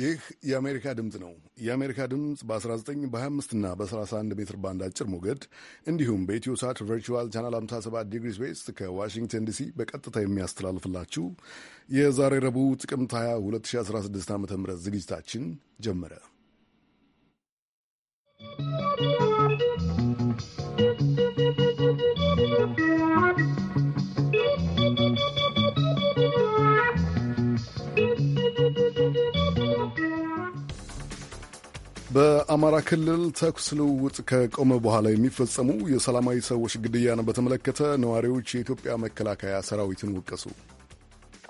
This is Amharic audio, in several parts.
ይህ የአሜሪካ ድምፅ ነው። የአሜሪካ ድምፅ በ19 በ25 እና በ31 ሜትር ባንድ አጭር ሞገድ እንዲሁም በኢትዮ ሳት ቨርቹዋል ቻናል 57 ዲግሪስ ስፔስ ከዋሽንግተን ዲሲ በቀጥታ የሚያስተላልፍላችሁ የዛሬ ረቡዕ ጥቅምት 20 2016 ዓ ም ዝግጅታችን ጀመረ። በአማራ ክልል ተኩስ ልውውጥ ከቆመ በኋላ የሚፈጸሙ የሰላማዊ ሰዎች ግድያን በተመለከተ ነዋሪዎች የኢትዮጵያ መከላከያ ሰራዊትን ወቀሱ።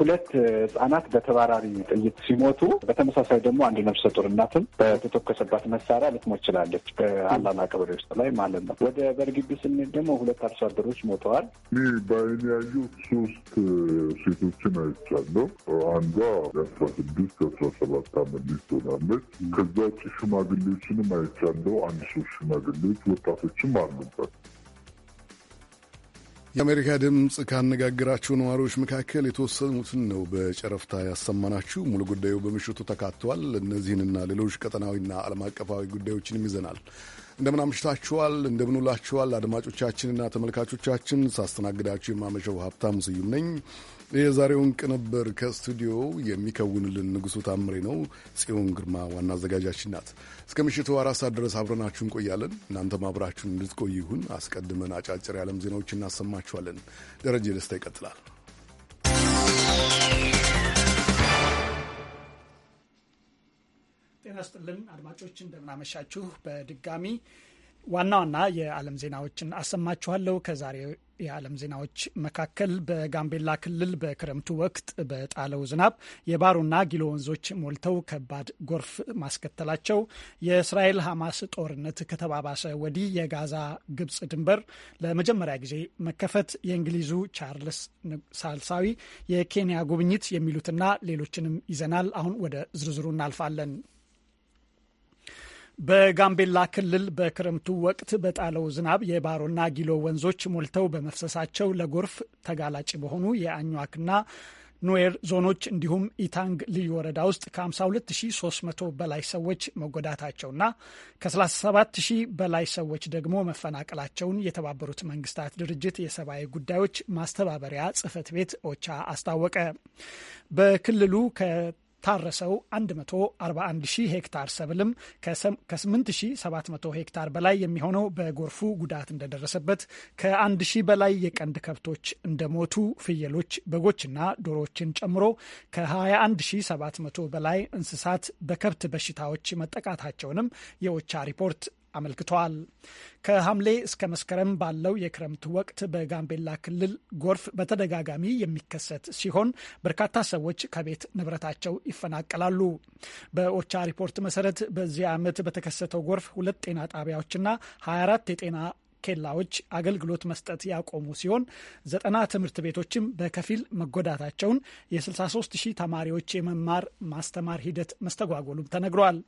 ሁለት ህጻናት በተባራሪ ጥይት ሲሞቱ፣ በተመሳሳይ ደግሞ አንድ ነፍሰ ጡር እናትም በተተኮሰባት መሳሪያ ልትሞት ችላለች። በአላማ ቀበሌ ውስጥ ላይ ማለት ነው። ወደ በርግቢ ስንሄድ ደግሞ ሁለት አርሶ አደሮች ሞተዋል። ይህ በአይን ያየሁት ሶስት ሴቶችን አይቻለሁ። አንዷ የአስራ ስድስት የአስራ ሰባት አመት ልጅ ትሆናለች። ከዛ ውጭ ሽማግሌዎችንም አይቻለሁ። አንድ ሶስት ሽማግሌዎች ወጣቶችም አሉበት። የአሜሪካ ድምፅ ካነጋገራቸው ነዋሪዎች መካከል የተወሰኑትን ነው በጨረፍታ ያሰማናችሁ። ሙሉ ጉዳዩ በምሽቱ ተካቷል እነዚህንና ሌሎች ቀጠናዊና ዓለም አቀፋዊ ጉዳዮችንም ይዘናል። እንደምን አምሽታችኋል፣ እንደምንውላችኋል አድማጮቻችንና ተመልካቾቻችን። ሳስተናግዳችሁ የማመሸው ሀብታሙ ስዩም ነኝ። የዛሬውን ቅንብር ከስቱዲዮ የሚከውንልን ንጉሱ ታምሬ ነው። ጽዮን ግርማ ዋና አዘጋጃችን ናት። እስከ ምሽቱ አራት ሰዓት ድረስ አብረናችሁ እንቆያለን። እናንተም አብራችሁን እንድትቆይ ይሁን። አስቀድመን አጫጭር የዓለም ዜናዎች እናሰማችኋለን። ደረጀ ደስታ ይቀጥላል። ጤና አድማጮች፣ እንደምናመሻችሁ። በድጋሚ ዋና ዋና የዓለም ዜናዎችን አሰማችኋለሁ ከዛሬ የዓለም ዜናዎች መካከል በጋምቤላ ክልል በክረምቱ ወቅት በጣለው ዝናብ የባሮና ጊሎ ወንዞች ሞልተው ከባድ ጎርፍ ማስከተላቸው፣ የእስራኤል ሐማስ ጦርነት ከተባባሰ ወዲህ የጋዛ ግብጽ ድንበር ለመጀመሪያ ጊዜ መከፈት፣ የእንግሊዙ ቻርልስ ሳልሳዊ የኬንያ ጉብኝት የሚሉትና ሌሎችንም ይዘናል። አሁን ወደ ዝርዝሩ እናልፋለን። በጋምቤላ ክልል በክረምቱ ወቅት በጣለው ዝናብ የባሮና ጊሎ ወንዞች ሞልተው በመፍሰሳቸው ለጎርፍ ተጋላጭ በሆኑ የአኟክና ኑዌር ዞኖች እንዲሁም ኢታንግ ልዩ ወረዳ ውስጥ ከ52300 በላይ ሰዎች መጎዳታቸውና ከ37000 በላይ ሰዎች ደግሞ መፈናቀላቸውን የተባበሩት መንግስታት ድርጅት የሰብአዊ ጉዳዮች ማስተባበሪያ ጽህፈት ቤት ኦቻ አስታወቀ። በክልሉ ታረሰው 141 ሄክታር ሰብልም ከ8700 ሄክታር በላይ የሚሆነው በጎርፉ ጉዳት እንደደረሰበት ከ1000 በላይ የቀንድ ከብቶች እንደሞቱ ፍየሎች፣ በጎችና ዶሮዎችን ጨምሮ ከ21700 በላይ እንስሳት በከብት በሽታዎች መጠቃታቸውንም የኦቻ ሪፖርት አመልክተዋል። ከሐምሌ እስከ መስከረም ባለው የክረምት ወቅት በጋምቤላ ክልል ጎርፍ በተደጋጋሚ የሚከሰት ሲሆን በርካታ ሰዎች ከቤት ንብረታቸው ይፈናቀላሉ። በኦቻ ሪፖርት መሰረት በዚህ ዓመት በተከሰተው ጎርፍ ሁለት ጤና ጣቢያዎችና 24 የጤና ኬላዎች አገልግሎት መስጠት ያቆሙ ሲሆን ዘጠና ትምህርት ቤቶችም በከፊል መጎዳታቸውን የ63 ሺህ ተማሪዎች የመማር ማስተማር ሂደት መስተጓጎሉም ተነግሯል።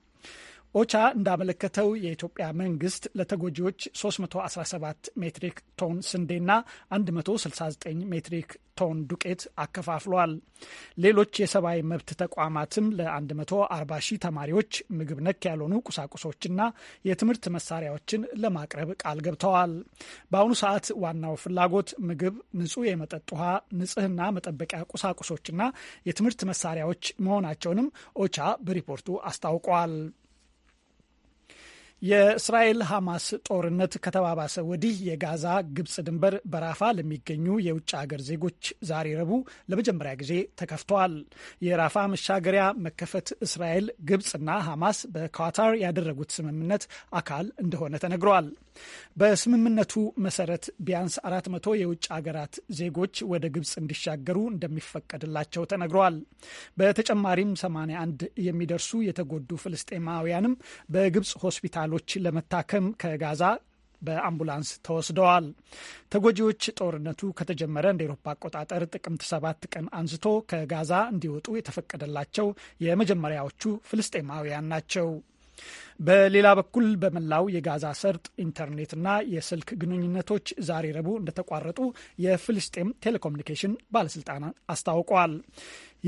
ኦቻ እንዳመለከተው የኢትዮጵያ መንግስት ለተጎጂዎች 317 ሜትሪክ ቶን ስንዴና 169 ሜትሪክ ቶን ዱቄት አከፋፍሏል። ሌሎች የሰብአዊ መብት ተቋማትም ለ140 ሺህ ተማሪዎች ምግብ ነክ ያልሆኑ ቁሳቁሶችና የትምህርት መሳሪያዎችን ለማቅረብ ቃል ገብተዋል። በአሁኑ ሰዓት ዋናው ፍላጎት ምግብ፣ ንጹህ የመጠጥ ውሃ፣ ንጽህና መጠበቂያ ቁሳቁሶችና የትምህርት መሳሪያዎች መሆናቸውንም ኦቻ በሪፖርቱ አስታውቋል። የእስራኤል ሐማስ ጦርነት ከተባባሰ ወዲህ የጋዛ ግብፅ ድንበር በራፋ ለሚገኙ የውጭ ሀገር ዜጎች ዛሬ ረቡዕ ለመጀመሪያ ጊዜ ተከፍተዋል። የራፋ መሻገሪያ መከፈት እስራኤል፣ ግብፅና ሐማስ በኳታር ያደረጉት ስምምነት አካል እንደሆነ ተነግሯል። በስምምነቱ መሰረት ቢያንስ አራት መቶ የውጭ ሀገራት ዜጎች ወደ ግብፅ እንዲሻገሩ እንደሚፈቀድላቸው ተነግረዋል። በተጨማሪም 81 የሚደርሱ የተጎዱ ፍልስጤማውያንም በግብፅ ሆስፒታሎች ለመታከም ከጋዛ በአምቡላንስ ተወስደዋል። ተጎጂዎች ጦርነቱ ከተጀመረ እንደ ኤሮፓ አቆጣጠር ጥቅምት ሰባት ቀን አንስቶ ከጋዛ እንዲወጡ የተፈቀደላቸው የመጀመሪያዎቹ ፍልስጤማውያን ናቸው። በሌላ በኩል በመላው የጋዛ ሰርጥ ኢንተርኔትና የስልክ ግንኙነቶች ዛሬ ረቡዕ እንደተቋረጡ የፍልስጤም ቴሌኮሙኒኬሽን ባለስልጣናት አስታውቀዋል።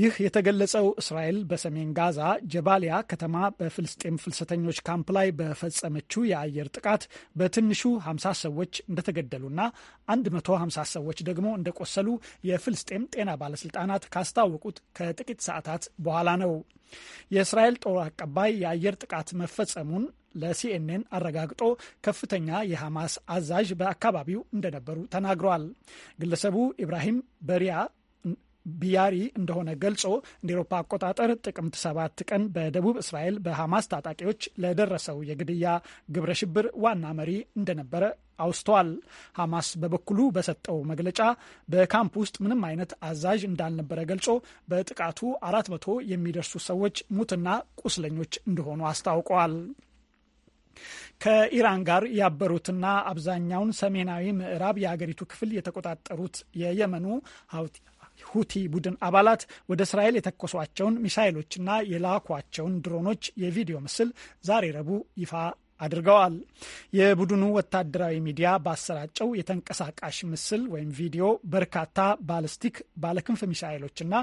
ይህ የተገለጸው እስራኤል በሰሜን ጋዛ ጀባሊያ ከተማ በፍልስጤም ፍልሰተኞች ካምፕ ላይ በፈጸመችው የአየር ጥቃት በትንሹ 50 ሰዎች እንደተገደሉና 150 ሰዎች ደግሞ እንደቆሰሉ የፍልስጤም ጤና ባለስልጣናት ካስታወቁት ከጥቂት ሰዓታት በኋላ ነው። የእስራኤል ጦር አቀባይ የአየር ጥቃት መፈጸሙን ለሲኤንኤን አረጋግጦ ከፍተኛ የሐማስ አዛዥ በአካባቢው እንደነበሩ ተናግረዋል። ግለሰቡ ኢብራሂም በሪያ ቢያሪ እንደሆነ ገልጾ እንደ ኤሮፓ አቆጣጠር ጥቅምት ሰባት ቀን በደቡብ እስራኤል በሐማስ ታጣቂዎች ለደረሰው የግድያ ግብረ ሽብር ዋና መሪ እንደነበረ አውስተዋል። ሐማስ በበኩሉ በሰጠው መግለጫ በካምፕ ውስጥ ምንም አይነት አዛዥ እንዳልነበረ ገልጾ በጥቃቱ አራት መቶ የሚደርሱ ሰዎች ሙትና ቁስለኞች እንደሆኑ አስታውቀዋል። ከኢራን ጋር ያበሩትና አብዛኛውን ሰሜናዊ ምዕራብ የአገሪቱ ክፍል የተቆጣጠሩት የየመኑ ሁቲ ቡድን አባላት ወደ እስራኤል የተኮሷቸውን ሚሳይሎችና የላኳቸውን ድሮኖች የቪዲዮ ምስል ዛሬ ረቡዕ ይፋ አድርገዋል። የቡድኑ ወታደራዊ ሚዲያ ባሰራጨው የተንቀሳቃሽ ምስል ወይም ቪዲዮ በርካታ ባለስቲክ ባለክንፍ ሚሳይሎችና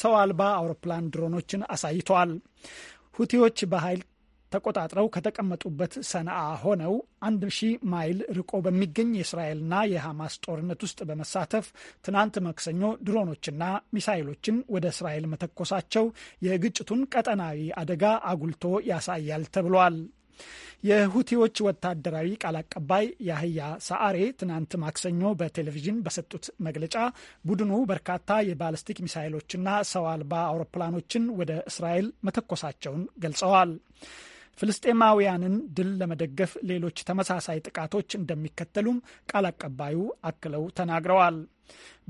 ሰው አልባ አውሮፕላን ድሮኖችን አሳይተዋል። ሁቲዎች በኃይል ተቆጣጥረው ከተቀመጡበት ሰነአ ሆነው አንድ ሺህ ማይል ርቆ በሚገኝ የእስራኤልና የሐማስ ጦርነት ውስጥ በመሳተፍ ትናንት መክሰኞ ድሮኖችና ሚሳይሎችን ወደ እስራኤል መተኮሳቸው የግጭቱን ቀጠናዊ አደጋ አጉልቶ ያሳያል ተብሏል። የሁቲዎች ወታደራዊ ቃል አቀባይ ያህያ ሰአሬ ትናንት ማክሰኞ በቴሌቪዥን በሰጡት መግለጫ ቡድኑ በርካታ የባለስቲክ ሚሳይሎችና ሰው አልባ አውሮፕላኖችን ወደ እስራኤል መተኮሳቸውን ገልጸዋል። ፍልስጤማውያንን ድል ለመደገፍ ሌሎች ተመሳሳይ ጥቃቶች እንደሚከተሉም ቃል አቀባዩ አክለው ተናግረዋል።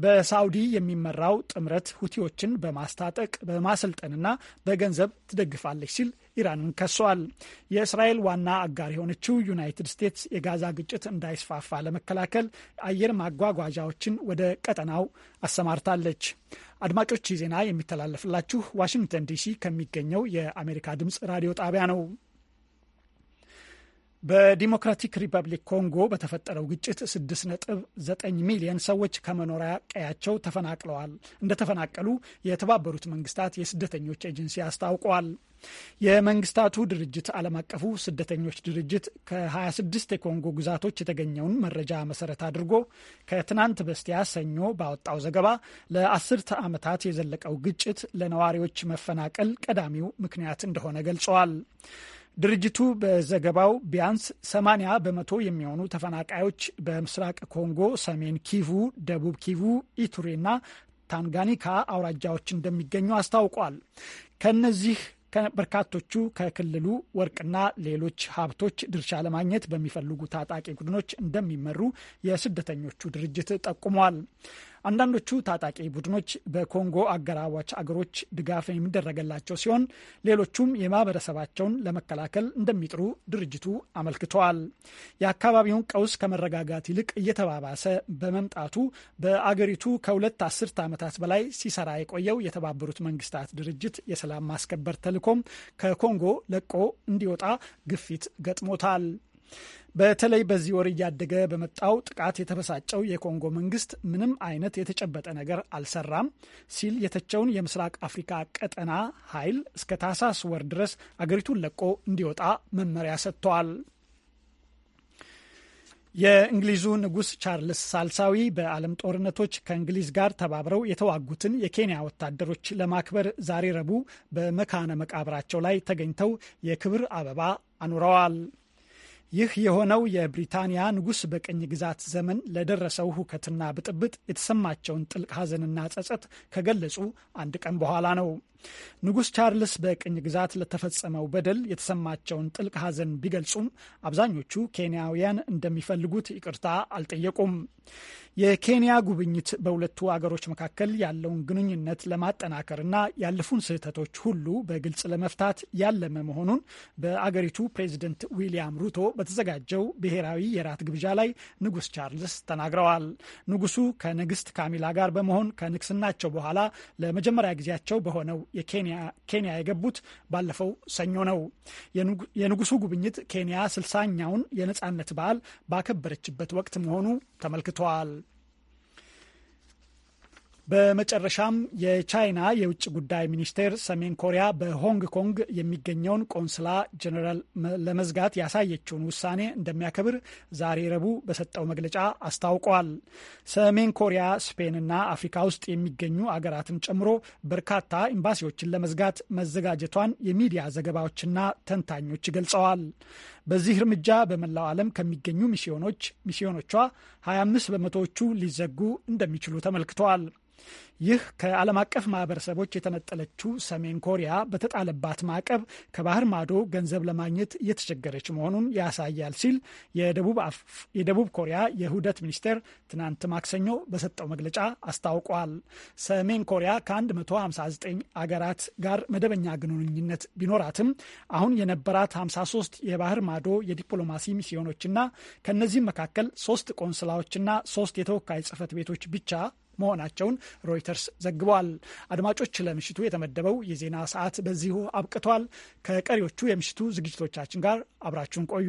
በሳውዲ የሚመራው ጥምረት ሁቲዎችን በማስታጠቅ በማሰልጠንና በገንዘብ ትደግፋለች ሲል ኢራንን ከሷል። የእስራኤል ዋና አጋር የሆነችው ዩናይትድ ስቴትስ የጋዛ ግጭት እንዳይስፋፋ ለመከላከል አየር ማጓጓዣዎችን ወደ ቀጠናው አሰማርታለች። አድማጮች፣ ዜና የሚተላለፍላችሁ ዋሽንግተን ዲሲ ከሚገኘው የአሜሪካ ድምፅ ራዲዮ ጣቢያ ነው። በዲሞክራቲክ ሪፐብሊክ ኮንጎ በተፈጠረው ግጭት 6.9 ሚሊዮን ሰዎች ከመኖሪያ ቀያቸው ተፈናቅለዋል እንደተፈናቀሉ የተባበሩት መንግስታት የስደተኞች ኤጀንሲ አስታውቋል። የመንግስታቱ ድርጅት ዓለም አቀፉ ስደተኞች ድርጅት ከ26 የኮንጎ ግዛቶች የተገኘውን መረጃ መሰረት አድርጎ ከትናንት በስቲያ ሰኞ ባወጣው ዘገባ ለአስርተ ዓመታት የዘለቀው ግጭት ለነዋሪዎች መፈናቀል ቀዳሚው ምክንያት እንደሆነ ገልጸዋል። ድርጅቱ በዘገባው ቢያንስ 80 በመቶ የሚሆኑ ተፈናቃዮች በምስራቅ ኮንጎ፣ ሰሜን ኪቩ፣ ደቡብ ኪቩ፣ ኢቱሬና ታንጋኒካ አውራጃዎች እንደሚገኙ አስታውቋል። ከነዚህ በርካቶቹ ከክልሉ ወርቅና ሌሎች ሀብቶች ድርሻ ለማግኘት በሚፈልጉ ታጣቂ ቡድኖች እንደሚመሩ የስደተኞቹ ድርጅት ጠቁሟል። አንዳንዶቹ ታጣቂ ቡድኖች በኮንጎ አገራዋች አገሮች ድጋፍ የሚደረገላቸው ሲሆን ሌሎቹም የማህበረሰባቸውን ለመከላከል እንደሚጥሩ ድርጅቱ አመልክተዋል። የአካባቢውን ቀውስ ከመረጋጋት ይልቅ እየተባባሰ በመምጣቱ በአገሪቱ ከሁለት አስርት ዓመታት በላይ ሲሰራ የቆየው የተባበሩት መንግስታት ድርጅት የሰላም ማስከበር ተልኮም ከኮንጎ ለቆ እንዲወጣ ግፊት ገጥሞታል። በተለይ በዚህ ወር እያደገ በመጣው ጥቃት የተበሳጨው የኮንጎ መንግስት ምንም አይነት የተጨበጠ ነገር አልሰራም ሲል የተቸውን የምስራቅ አፍሪካ ቀጠና ኃይል እስከ ታህሳስ ወር ድረስ አገሪቱን ለቆ እንዲወጣ መመሪያ ሰጥቷል። የእንግሊዙ ንጉስ ቻርልስ ሳልሳዊ በዓለም ጦርነቶች ከእንግሊዝ ጋር ተባብረው የተዋጉትን የኬንያ ወታደሮች ለማክበር ዛሬ ረቡዕ በመካነ መቃብራቸው ላይ ተገኝተው የክብር አበባ አኑረዋል። ይህ የሆነው የብሪታንያ ንጉሥ በቅኝ ግዛት ዘመን ለደረሰው ሁከትና ብጥብጥ የተሰማቸውን ጥልቅ ሐዘንና ጸጸት ከገለጹ አንድ ቀን በኋላ ነው። ንጉሥ ቻርልስ በቅኝ ግዛት ለተፈጸመው በደል የተሰማቸውን ጥልቅ ሐዘን ቢገልጹም አብዛኞቹ ኬንያውያን እንደሚፈልጉት ይቅርታ አልጠየቁም። የኬንያ ጉብኝት በሁለቱ አገሮች መካከል ያለውን ግንኙነት ለማጠናከርና ያለፉን ስህተቶች ሁሉ በግልጽ ለመፍታት ያለመ መሆኑን በአገሪቱ ፕሬዚደንት ዊሊያም ሩቶ በተዘጋጀው ብሔራዊ የራት ግብዣ ላይ ንጉሥ ቻርልስ ተናግረዋል። ንጉሱ ከንግሥት ካሚላ ጋር በመሆን ከንግስናቸው በኋላ ለመጀመሪያ ጊዜያቸው በሆነው ኬንያ የገቡት ባለፈው ሰኞ ነው። የንጉሱ ጉብኝት ኬንያ ስልሳኛውን የነጻነት በዓል ባከበረችበት ወቅት መሆኑ ተመልክተዋል። በመጨረሻም የቻይና የውጭ ጉዳይ ሚኒስቴር ሰሜን ኮሪያ በሆንግ ኮንግ የሚገኘውን ቆንስላ ጄኔራል ለመዝጋት ያሳየችውን ውሳኔ እንደሚያከብር ዛሬ ረቡዕ በሰጠው መግለጫ አስታውቀዋል። ሰሜን ኮሪያ ስፔንና አፍሪካ ውስጥ የሚገኙ አገራትን ጨምሮ በርካታ ኤምባሲዎችን ለመዝጋት መዘጋጀቷን የሚዲያ ዘገባዎችና ተንታኞች ገልጸዋል። በዚህ እርምጃ በመላው ዓለም ከሚገኙ ሚሽዮኖች ሚሽዮኖቿ 25 በመቶዎቹ ሊዘጉ እንደሚችሉ ተመልክተዋል። ይህ ከዓለም አቀፍ ማህበረሰቦች የተነጠለችው ሰሜን ኮሪያ በተጣለባት ማዕቀብ ከባህር ማዶ ገንዘብ ለማግኘት እየተቸገረች መሆኑን ያሳያል ሲል የደቡብ ኮሪያ የውህደት ሚኒስቴር ትናንት ማክሰኞ በሰጠው መግለጫ አስታውቋል። ሰሜን ኮሪያ ከ159 አገራት ጋር መደበኛ ግንኙነት ቢኖራትም አሁን የነበራት 53 የባህር ማዶ የዲፕሎማሲ ሚስዮኖችና ከእነዚህም መካከል ሶስት ቆንስላዎችና ሶስት የተወካይ ጽህፈት ቤቶች ብቻ መሆናቸውን ሮይተርስ ዘግቧል። አድማጮች፣ ለምሽቱ የተመደበው የዜና ሰዓት በዚሁ አብቅቷል። ከቀሪዎቹ የምሽቱ ዝግጅቶቻችን ጋር አብራችሁን ቆዩ።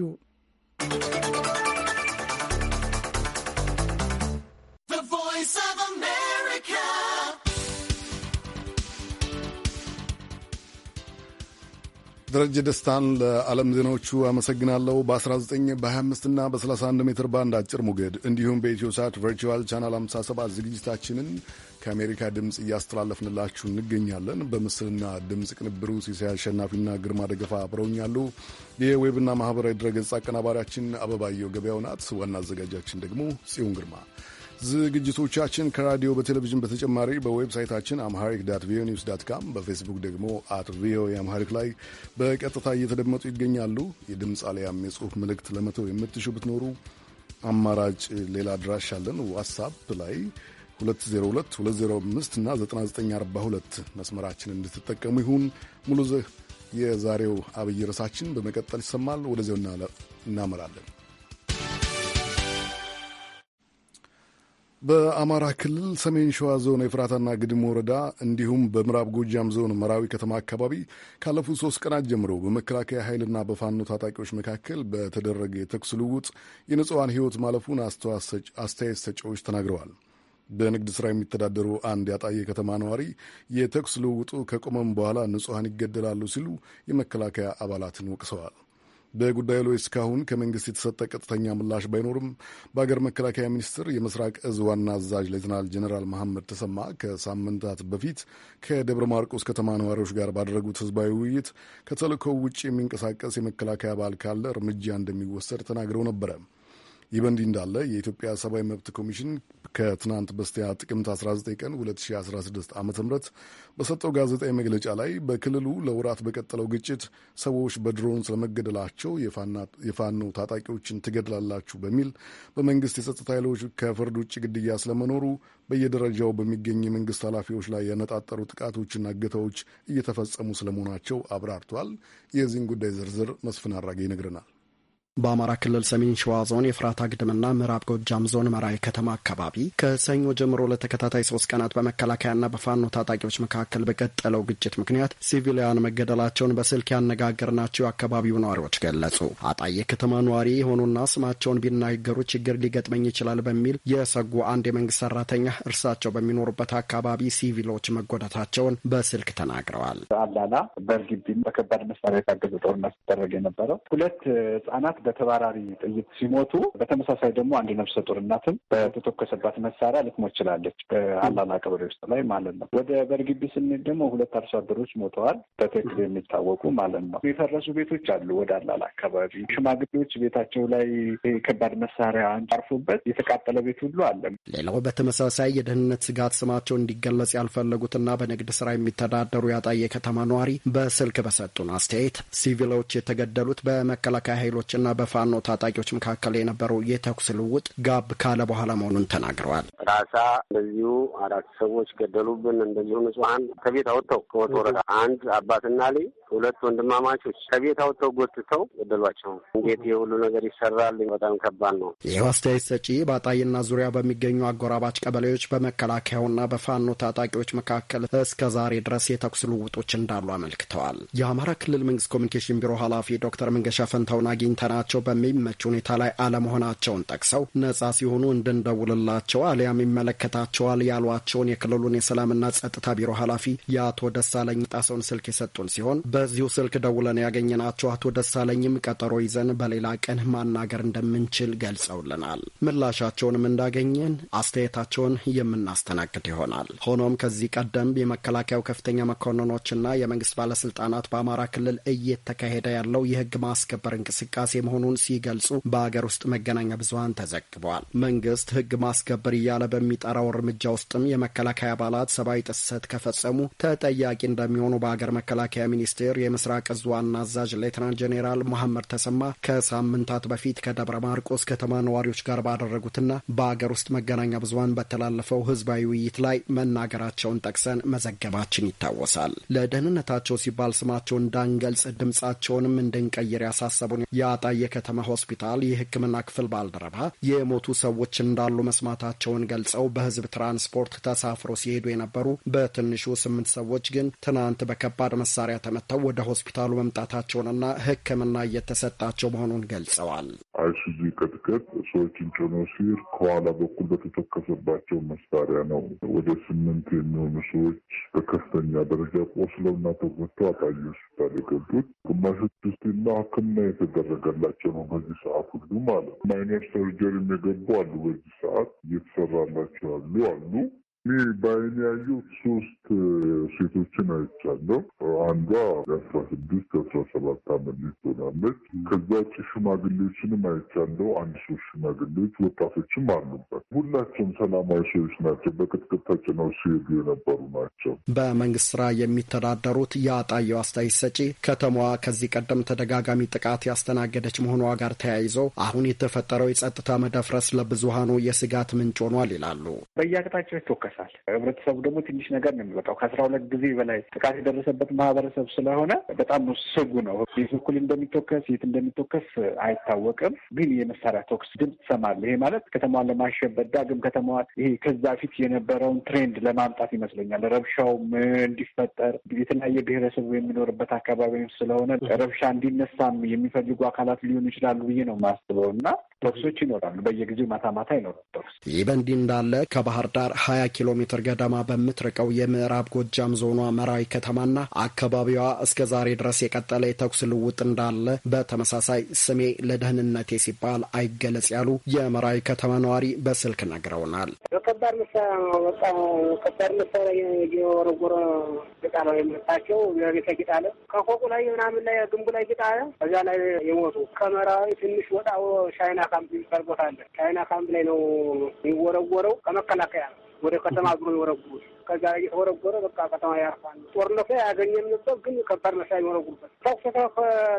ደረጀ ደስታን ለዓለም ዜናዎቹ አመሰግናለሁ። በ19 በ25 እና በ31 ሜትር ባንድ አጭር ሞገድ እንዲሁም በኢትዮ ሳት ቨርቹዋል ቻናል 57 ዝግጅታችንን ከአሜሪካ ድምፅ እያስተላለፍንላችሁ እንገኛለን። በምስልና ድምፅ ቅንብሩ ሲሳይ አሸናፊና ግርማ ደገፋ አብረውኛሉ። የዌብና ማኅበራዊ ድረገጽ አቀናባሪያችን አበባየው ገበያው ናት። ዋና አዘጋጃችን ደግሞ ጽዮን ግርማ ዝግጅቶቻችን ከራዲዮ በቴሌቪዥን በተጨማሪ በዌብሳይታችን አምሃሪክ ዳት ቪኦኤ ኒውስ ዳት ካም በፌስቡክ ደግሞ አት ቪኦኤ አምሃሪክ ላይ በቀጥታ እየተደመጡ ይገኛሉ። የድምፅ አሊያም የጽሁፍ መልእክት ለመተው የምትሹ ብትኖሩ አማራጭ ሌላ አድራሻ አለን። ዋትሳፕ ላይ 202 205 እና 9942 መስመራችን እንድትጠቀሙ ይሁን። ሙሉ የዛሬው አብይ ርዕሳችን በመቀጠል ይሰማል። ወደዚያው እናመራለን። በአማራ ክልል ሰሜን ሸዋ ዞን የፍራታና ግድም ወረዳ እንዲሁም በምዕራብ ጎጃም ዞን መራዊ ከተማ አካባቢ ካለፉት ሶስት ቀናት ጀምሮ በመከላከያ ኃይልና በፋኖ ታጣቂዎች መካከል በተደረገ የተኩስ ልውውጥ የንጹሐን ሕይወት ማለፉን አስተያየት ሰጪዎች ተናግረዋል። በንግድ ሥራ የሚተዳደሩ አንድ ያጣየ ከተማ ነዋሪ የተኩስ ልውውጡ ከቆመም በኋላ ንጹሐን ይገደላሉ ሲሉ የመከላከያ አባላትን ወቅሰዋል። በጉዳዩ ላይ እስካሁን ከመንግስት የተሰጠ ቀጥተኛ ምላሽ ባይኖርም በአገር መከላከያ ሚኒስቴር የምስራቅ እዝ ዋና አዛዥ ሌትናል ጀኔራል መሐመድ ተሰማ ከሳምንታት በፊት ከደብረ ማርቆስ ከተማ ነዋሪዎች ጋር ባደረጉት ህዝባዊ ውይይት ከተልእኮው ውጭ የሚንቀሳቀስ የመከላከያ አባል ካለ እርምጃ እንደሚወሰድ ተናግረው ነበረ። ይህ በእንዲህ እንዳለ የኢትዮጵያ ሰብአዊ መብት ኮሚሽን ከትናንት በስቲያ ጥቅምት 19 ቀን 2016 ዓ ም በሰጠው ጋዜጣዊ መግለጫ ላይ በክልሉ ለውራት በቀጠለው ግጭት ሰዎች በድሮን ስለመገደላቸው የፋኖ ታጣቂዎችን ትገድላላችሁ በሚል በመንግስት የጸጥታ ኃይሎች ከፍርድ ውጭ ግድያ ስለመኖሩ በየደረጃው በሚገኙ የመንግስት ኃላፊዎች ላይ ያነጣጠሩ ጥቃቶችና እገታዎች እየተፈጸሙ ስለመሆናቸው አብራርቷል። የዚህን ጉዳይ ዝርዝር መስፍን አራጌ ይነግረናል። በአማራ ክልል ሰሜን ሸዋ ዞን የፍራታ ግድምና ምዕራብ ጎጃም ዞን መራዊ ከተማ አካባቢ ከሰኞ ጀምሮ ለተከታታይ ሶስት ቀናት በመከላከያና በፋኖ ታጣቂዎች መካከል በቀጠለው ግጭት ምክንያት ሲቪሊያን መገደላቸውን በስልክ ያነጋገርናቸው የአካባቢው ነዋሪዎች ገለጹ። አጣዬ ከተማ ነዋሪ የሆኑና ስማቸውን ቢናገሩ ችግር ሊገጥመኝ ይችላል በሚል የሰጉ አንድ የመንግስት ሰራተኛ እርሳቸው በሚኖሩበት አካባቢ ሲቪሎች መጎዳታቸውን በስልክ ተናግረዋል። አላላ በርግቢ በከባድ መሳሪያ የታገዘ ጦርነት ሲደረግ የነበረው ሁለት ህጻናት በተባራሪ ጥይት ሲሞቱ፣ በተመሳሳይ ደግሞ አንድ ነፍሰ ጡር እናትም በተተኮሰባት መሳሪያ ልትሞት ችላለች። በአላላ ቀበሌ ውስጥ ላይ ማለት ነው። ወደ በርግቢ ስንሄድ ደግሞ ሁለት አርሶ አደሮች ሞተዋል። በትክክል የሚታወቁ ማለት ነው። የፈረሱ ቤቶች አሉ። ወደ አላላ አካባቢ ሽማግሌዎች ቤታቸው ላይ ከባድ መሳሪያ አንጫርፉበት የተቃጠለ ቤት ሁሉ አለ። ሌላው በተመሳሳይ የደህንነት ስጋት ስማቸው እንዲገለጽ ያልፈለጉትና በንግድ ስራ የሚተዳደሩ ያጣየ ከተማ ነዋሪ በስልክ በሰጡን አስተያየት ሲቪሎች የተገደሉት በመከላከያ ኃይሎችና በፋኖ ታጣቂዎች መካከል የነበረው የተኩስ ልውውጥ ጋብ ካለ በኋላ መሆኑን ተናግረዋል። ራሳ እንደዚሁ አራት ሰዎች ገደሉብን። እንደዚሁ ንጹሐን ከቤት አወጥተው ከወት ወረዳ አንድ አባትና ልጅ ሁለት ወንድማማቾች ከቤት አውጥተው ጎትተው ገደሏቸው። እንዴት የሁሉ ነገር ይሰራል? በጣም ከባድ ነው። ይህ አስተያየት ሰጪ በአጣይና ዙሪያ በሚገኙ አጎራባች ቀበሌዎች በመከላከያውና በፋኖ ታጣቂዎች መካከል እስከ ዛሬ ድረስ የተኩስ ልውጦች እንዳሉ አመልክተዋል። የአማራ ክልል መንግስት ኮሚኒኬሽን ቢሮ ኃላፊ ዶክተር መንገሻ ፈንታውን አግኝተናል ሊያገኟቸው በሚመች ሁኔታ ላይ አለመሆናቸውን ጠቅሰው ነጻ ሲሆኑ እንድንደውልላቸው አሊያም ይመለከታቸዋል ያሏቸውን የክልሉን የሰላምና ጸጥታ ቢሮ ኃላፊ የአቶ ደሳለኝ ጣሰውን ስልክ የሰጡን ሲሆን በዚሁ ስልክ ደውለን ያገኘናቸው አቶ ደሳለኝም ቀጠሮ ይዘን በሌላ ቀን ማናገር እንደምንችል ገልጸውልናል። ምላሻቸውንም እንዳገኘን አስተያየታቸውን የምናስተናግድ ይሆናል። ሆኖም ከዚህ ቀደም የመከላከያው ከፍተኛ መኮንኖችና የመንግስት ባለስልጣናት በአማራ ክልል እየተካሄደ ያለው የህግ ማስከበር እንቅስቃሴ መሆኑን ሲገልጹ በአገር ውስጥ መገናኛ ብዙሀን ተዘግበዋል። መንግስት ህግ ማስከበር እያለ በሚጠራው እርምጃ ውስጥም የመከላከያ አባላት ሰብአዊ ጥሰት ከፈጸሙ ተጠያቂ እንደሚሆኑ በአገር መከላከያ ሚኒስቴር የምስራቅ እዝ ዋና አዛዥ ሌትናንት ጄኔራል መሐመድ ተሰማ ከሳምንታት በፊት ከደብረ ማርቆስ ከተማ ነዋሪዎች ጋር ባደረጉትና በአገር ውስጥ መገናኛ ብዙሀን በተላለፈው ህዝባዊ ውይይት ላይ መናገራቸውን ጠቅሰን መዘገባችን ይታወሳል። ለደህንነታቸው ሲባል ስማቸውን እንዳንገልጽ ድምጻቸውንም እንድንቀይር ያሳሰቡን የአጣዬ የከተማ ሆስፒታል የሕክምና ክፍል ባልደረባ የሞቱ ሰዎች እንዳሉ መስማታቸውን ገልጸው በህዝብ ትራንስፖርት ተሳፍሮ ሲሄዱ የነበሩ በትንሹ ስምንት ሰዎች ግን ትናንት በከባድ መሳሪያ ተመተው ወደ ሆስፒታሉ መምጣታቸውንና ሕክምና እየተሰጣቸው መሆኑን ገልጸዋል። አይሱዙ ቅጥቅጥ ሰዎችን ጭኖ ሲሄድ ከኋላ በኩል በተተከሰባቸው መሳሪያ ነው ወደ ስምንት የሚሆኑ ሰዎች በከፍተኛ ደረጃ ቆስለውና ተጎድተው አጣዬ ሆስፒታል የገቡት ግማሾች ውስጥና ሕክምና የተደረገላቸው ናቸውን በዚህ ሰዓት ሁሉም ማለት ማይነር ሰርጀሪ የሚገቡ አሉ። በዚህ ሰዓት እየተሰራላቸው ያሉ አሉ። እኔ በአይን ያየሁት ሶስት ሴቶችን አይቻለሁ። አንዷ የአስራ ስድስት የአስራ ሰባት ዓመት ልጅ ትሆናለች። ከዛ ውጭ ሽማግሌዎችንም አይቻለሁ። አንድ ሶስት ሽማግሌዎች ወጣቶችም አሉበት። ሁላቸውም ሰላማዊ ሰዎች ናቸው። በቅጥቅጥ ተጭነው ሲሄዱ የነበሩ ናቸው። በመንግስት ስራ የሚተዳደሩት የአጣየው አስተያየት ሰጪ ከተማዋ ከዚህ ቀደም ተደጋጋሚ ጥቃት ያስተናገደች መሆኗ ጋር ተያይዞ አሁን የተፈጠረው የጸጥታ መደፍረስ ለብዙሃኑ የስጋት ምንጭ ሆኗል ይላሉ። በየአቅጣጫው ይቶከል ይደርሳል። ህብረተሰቡ ደግሞ ትንሽ ነገር ነው የሚወጣው። ከአስራ ሁለት ጊዜ በላይ ጥቃት የደረሰበት ማህበረሰብ ስለሆነ በጣም ስጉ ነው። ቤት በኩል እንደሚተኮስ የት እንደሚተኮስ አይታወቅም። ግን የመሳሪያ ተኩስ ድምፅ ትሰማለህ። ይሄ ማለት ከተማዋን ለማሸበር ዳግም ከተማዋን ይሄ ከዛ ፊት የነበረውን ትሬንድ ለማምጣት ይመስለኛል። ረብሻውም እንዲፈጠር የተለያየ ብሔረሰቡ የሚኖርበት አካባቢ ስለሆነ ረብሻ እንዲነሳም የሚፈልጉ አካላት ሊሆኑ ይችላሉ ብዬ ነው የማስበው እና ተኩሶች ይኖራሉ። በየጊዜው ማታ ማታ ይኖራል ተኩስ። ይህ በእንዲህ እንዳለ ከባህር ዳር ሀያ ኪ ኪሎ ሜትር ገደማ በምትርቀው የምዕራብ ጎጃም ዞኗ መራዊ ከተማና አካባቢዋ እስከ ዛሬ ድረስ የቀጠለ የተኩስ ልውጥ እንዳለ በተመሳሳይ ስሜ ለደህንነቴ ሲባል አይገለጽ ያሉ የመራዊ ከተማ ነዋሪ በስልክ ነግረውናል። በከባድ መሳሪያ ነው በቃ ከባድ መሳሪያ የወረጎረ ጌጣ ነው የመታቸው። ቤተ ጌጣ አለ ከፎቁ ላይ ምናምን ላይ ግንቡ ላይ ጌጣ አለ። እዛ ላይ የሞቱ ከመራዊ ትንሽ ወጣ ሻይና ካምፕ የሚባል ቦታ አለ። ቻይና ካምፕ ላይ ነው የሚወረወረው ከመከላከያ ነው ወደ ከተማ አዝሮ የወረጉት ከዛ የተወረጎረ በቃ ከተማ ያርፋል። ጦርነት ላይ ያገኘን ነበር፣ ግን ከባድ መሳሪያ የወረጉበት ተኩሱ